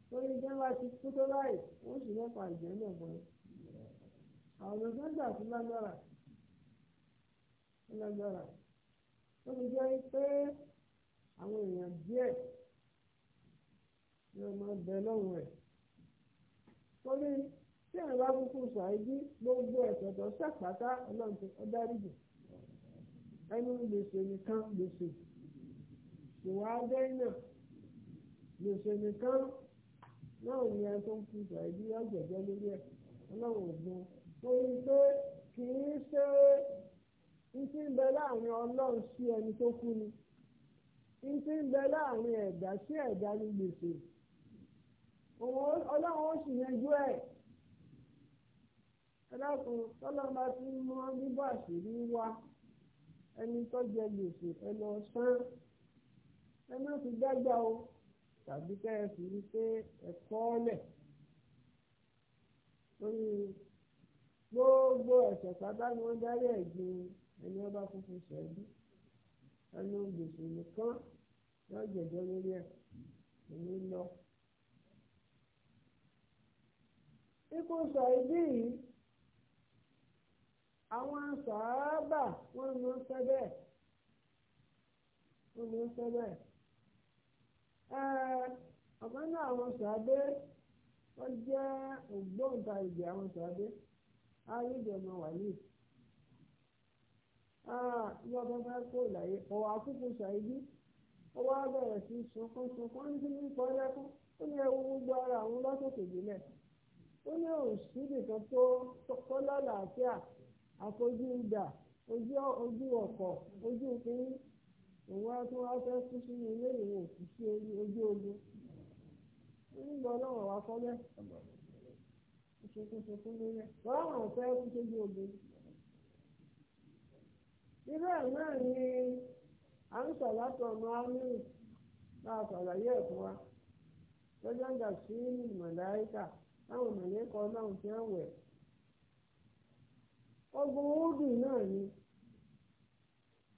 Speaker 2: lórí ìjọba ti kú tó láì ó sì mẹ́fà ìjẹ́lẹ̀ mọ́ àwọn ọ̀gá tó lágbára lágbára ó fi jẹ́ pé àwọn èèyàn díẹ̀ ni ọmọ ọbẹ̀ lọ́hùn ẹ̀ torí tí àwọn akókò ṣàìdí gbogbo ẹ̀sẹ̀ tó ṣàpátá ọlọ́run ẹnu gbèsè nìkan gbèsè ìwà adẹ́yìn náà gbèsè nìkan náà ni a tó ń fi ṣàìdí àgbẹ̀jẹ́ lórí ẹ̀ ọlọ́run ògùn torí pé kì í ṣe ìtì ń bẹ láàrin ọlọ́run sí ẹni tó kú ni ìtì ń bẹ láàrin ẹ̀dá sí ẹ̀dá ní gbèsè ọlọ́run ó sì yanjú ẹ̀ ẹlẹ́kùn tọ́lọ́run bá ti mú bíbọ̀ àṣírí wá ẹni tó jẹ gbèsè ẹ lọ sán ẹ má fi dágbà o tàbí kẹ́ ẹ sì rí pé ẹ̀kọ́ ọ̀lẹ̀ lórí gbogbo ẹ̀sẹ̀ pátá ni wọ́n darí ẹ̀ ju ẹni ọba funfun ṣẹ́bí ẹnu gbèsè nìkan yóò jẹ̀jọ́ lórí ẹ̀ èmi lọ. ikú sọ ìdí yìí àwọn sàábà wọ́n mú sẹ́bẹ̀ wọ́n mú sẹ́bẹ̀. Eh, ọ̀kan náà àwọn sàdé ó jẹ́ ògbóǹtarìgì àwọn sàdé àríjọmọ wàlíì yọ bá bá kó ìlàyé sí ní kí ní kọ́ ó ní ewu gbogbo ara àwọn ó ní òṣìṣẹ́ nìkan tó òun á tún wá fẹ́ kú sínú ilé ìwọ̀n ojú ogun nígbà ọlọ́run wá fọ́ ọlọ́run fẹ́ kú sójú ogun ẹ̀ náà ni à ń ọmọ amírù náà sàlàyé ẹ̀ wa lọ́jọ́ ń sí táwọn mọ̀lẹ́kọ̀ọ́ náà fi hàn wẹ̀ ogun wúdù náà ni.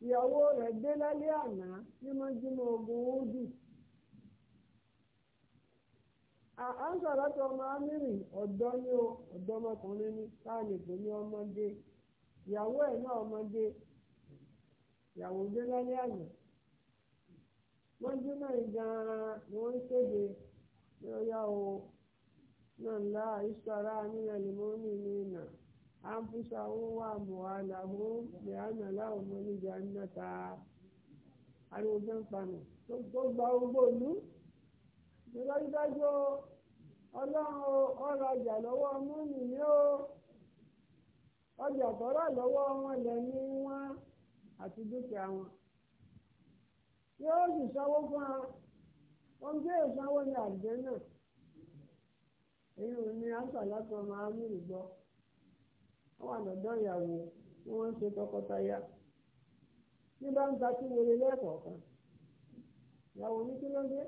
Speaker 2: ìyàwó rẹ̀ dé àná ní ogun wúdù. à ń ọmọ amírì ọ̀dọ́ ní o ọ̀dọ́ ọmọkùnrin ní káàlìkù ní ọmọdé ìyàwó ẹ̀ náà ọmọdé ìyàwó dé àná ni wọ́n ń kéde ní ọyá o náà ńlá ìṣọ́ra nílẹ̀ lèmọ́nì ní ìnà. anfusahum wa amwalahum bi anna lahum al-jannata ariwo tó ń panu tó gba ogbó ìlú ìdájọ́ ọlọ́run ọ̀rọ̀ ọjà lọ́wọ́ múni ni ó ọjà tọ́rọ̀ lọ́wọ́ wọn lẹ́ni wọn àti dúkìá wọn yóò sì sanwó fún wa wọn gbé ìsanwó ní àjẹ náà èyí ò ní àǹtà látọ̀ máa mú ìgbọ́. wọ́n wà ya ìyàwó ni wọ́n ń ṣe tọkọtaya ní bá ń tatú ya lẹ́ẹ̀kọ̀ọ̀kan ìyàwó ní kí ló dé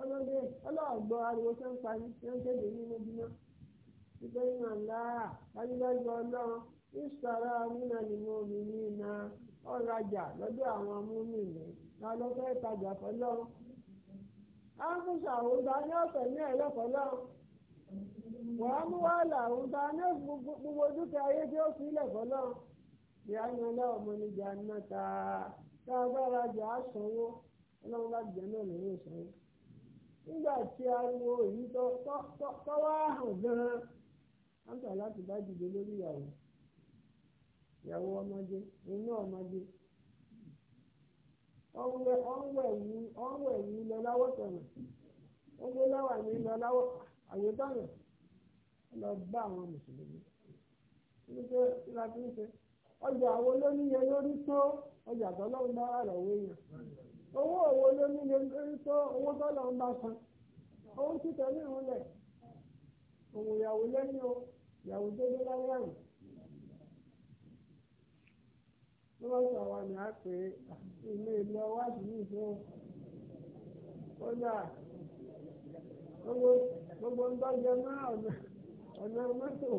Speaker 2: ọlọ́dẹ ọlọ́ọ̀gbọ́ ariwo tó ń parí ló ń kéde ọlọ́run ìṣàrà ní iná ọ̀rajà lọ́dọ̀ àwọn náà ní ọ̀sẹ̀ ní ẹ̀rọ muhammadu mú wá làwọn ta ní gbogbo dúkìá ayé tí ó fi ilẹ̀ fọlọ́ ìyáàyàn ọlọ́wọ́ mo ní ta tá a bá ra jà á ọlọ́run bá jẹ náà lórí ìsanwó nígbà tí ariwo yìí tọ́wọ́ hàn gan-an láti bá dìde lórí ìyàwó ìyàwó lọ láwọ̀ tọ̀nà lọ láwọ̀ àyè tọ̀nà. lọ gbá àwọn mùsùlùmí nígbà tí la fi ń ṣe ọjà àwọn olóníye lórí tó ọjà tọ́lọ́run bá rà lọ́wọ́ èèyàn owó òwò olóníye lórí tó owó tọ́lọ́run bá san owó títẹ̀ ní ìrúnlẹ̀ òwò ìyàwó lẹ́yìn o ìyàwó dédé láyé àrùn ló bá sọ àwọn àmì àpè ilé ilé ọwọ́ ọ̀nà mọ́tò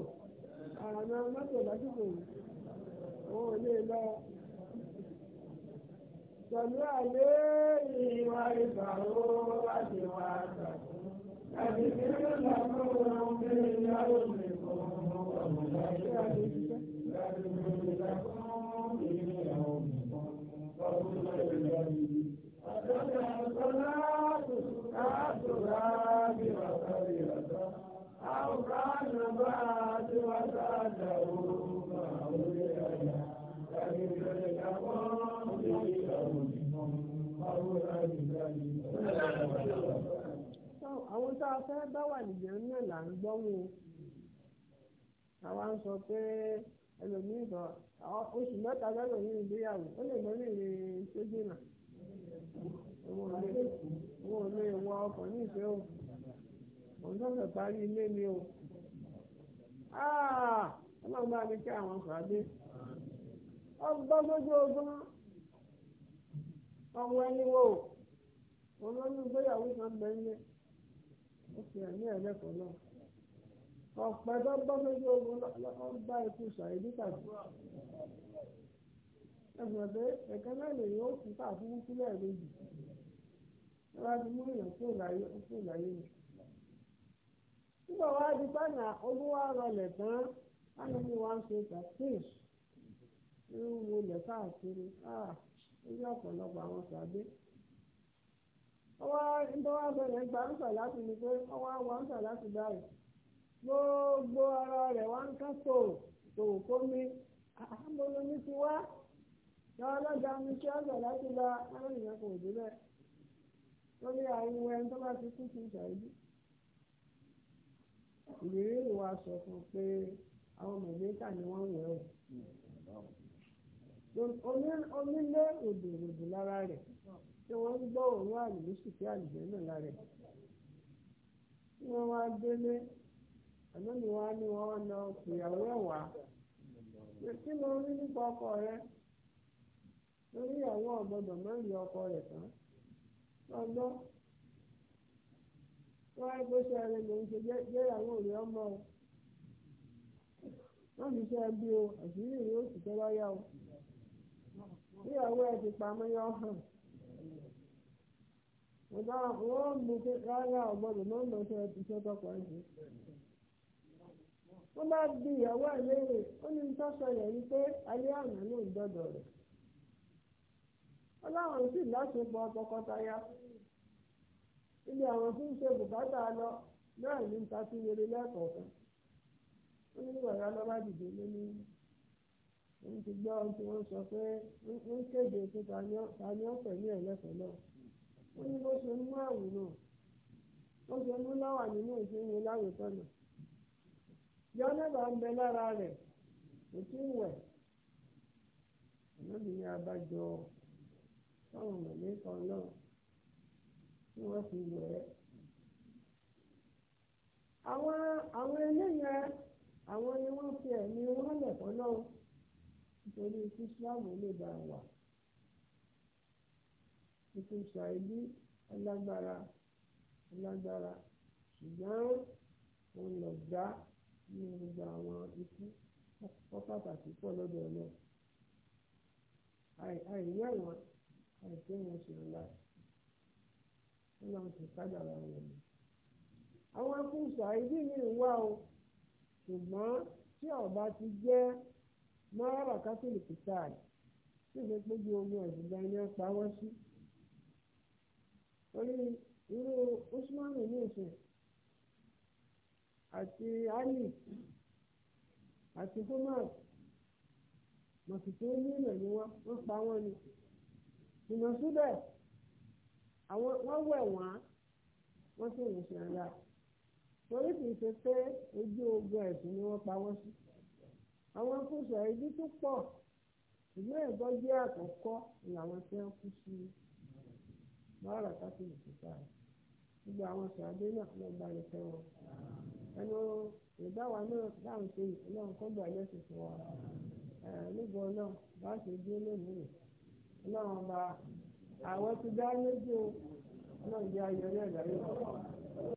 Speaker 2: ọ̀nà mọ́tò lásìkò wọn ò lè lọ. Pẹ̀lú àlẹ́ ìwà ìbàwọ́ àti ìwà àgbà. Àti kí ló lọ fún wọn bí ìyá òmìnira
Speaker 1: ọmọ ọmọ ọmọ ọmọ ọmọ ọmọ ọmọ ọmọ ọmọ ọmọ ọmọ ọmọ ọmọ
Speaker 2: àwọn tá a fẹ́ bá wà nìjẹ́ náà là ń gbọ́ wọn àwa ń sọ pé ẹlòmíì kan oṣù mẹ́ta lẹ́lòmíì ìgbéyàwó ó lè lọ ní ìrìn wọn ò lè wọ ọkọ̀ ní ìfẹ́ o òun tó fẹ́ parí ilé mi o ọlọ́run bá mi kí àwọn fàdé ọgbọ́n lójú ogun. ọmọ ẹni wo olóyún gbéyàwó kan bẹ nílé ó fi àní ẹlẹ́kọ̀ọ́ náà ọ̀pẹ tó bá méjì ogun lọ́wọ́ bá ikú ṣàìdí tàbí ẹ̀sùn pé ẹ̀kẹ́ náà lè yóò fún káàkiri sílẹ̀ lójú ẹ̀rọ ti mú èèyàn kúrò láyé kúrò láyé ni. nígbà wá di pàànà olúwa rọlẹ̀ tán ánàmú wa ń ṣe tàkìs irú wo lẹ̀ káàkiri káàkiri. Ah! ilé ọ̀pọ̀lọpọ̀ àwọn sàdé ọwọ́ ntọ́wọ́ abẹ́rẹ́ gba ń sà láti ní pé ọwọ́ àwọn ń sà láti gbogbo ara rẹ̀ wá ń ká tòrò kó mi mi ti wá lọ́wọ́ mi láti kò dé bẹ́ẹ̀ lórí ẹni tó bá ti kú sí ìṣàìdí ìrírí onílé ròdòròdò lára rẹ̀ tí wọ́n ń gbọ́ òun àlùmísù tí àlùjẹ́ náà lára rẹ̀ tí wọ́n wá délé àná ni wọ́n á ní wọ́n na ìyàwó kí ló rí nípa ọkọ lórí ọkọ rẹ̀ tán lọ́gbọ́ lòun ṣe rẹ̀ ọmọ wọ́n fi o àṣírí bí ọwọ́ ẹ ti pamọ́ yọ hàn wọ́n mú pé rárá ọ̀gbọ́dọ̀ náà lọ sí iṣẹ́ tọkọ ẹ̀jẹ̀. wọ́n bá bí ìyàwó ẹ̀ léèrè ó ní tó sọlẹ̀ yìí pé ayé ló ń dọ́dọ̀ rẹ̀. ọlọ́run sì láṣepọ̀ tọkọtaya ilé àwọn tí ń ṣe bùkátà lọ náà ní ta sí rere ó ní wọ́n ti gbọ́ ohun tí wọ́n sọ pé kéde pé ó pẹ̀lú ẹ̀ náà ó ní bó ṣe mú àwìn náà ó ṣe mú láwà nínú ìsinmi láwùjọ náà ń bẹ lára rẹ̀ kò tí ń wẹ̀ abájọ táwọn náà tí wọ́n fi wẹ̀ ẹ́. àwọn àwọn àwọn ni wọ́n nítorí kí islam lè bá wà ètò ìsàìlú alágbára alágbára ṣùgbọ́n òun lọ gbá ní gbogbo àwọn ikú wọ́n pàtàkì pọ̀ lọ́dọ̀ ọlọ́ àìwé wọn àìpé wọn sì ń la wọn làwọn sì kájà ara wọn ni. àwọn akúnṣà ìdí mi ń wá o ṣùgbọ́n tí ọba ti jẹ́ mọ́rọ̀ kátólì kìtáàlì tí ìṣe péjú ogun ẹ̀sìn gan ni wọ́n pawọ́ sí. orí irú usman ní ìsìn àti ali àti gomar mọ̀tìtì onílẹ̀ ni wọ́n wọ́n pa wọ́n ni. ìmọ̀ síbẹ̀ àwọn wọ́n wẹ̀ wọ́n wọ́n sì ń ṣe ara torí kì í ṣe pé ojú ogun ẹ̀sìn ni wọ́n pawọ́ sí. àwọn afúnṣe ìdí tó pọ̀ ìlú akụkọ jẹ́ àkọ́kọ́ ni àwọn tí wọ́n kú sí báárà káfí ìfúta gbogbo àwọn sàádé náà lọ gba ìfẹ́ wọn ẹnu ìdáwà náà dáhùn sí ìpínlẹ̀ fún wa náà bá ṣe dé lónìí náà àwọn ti dá méjì náà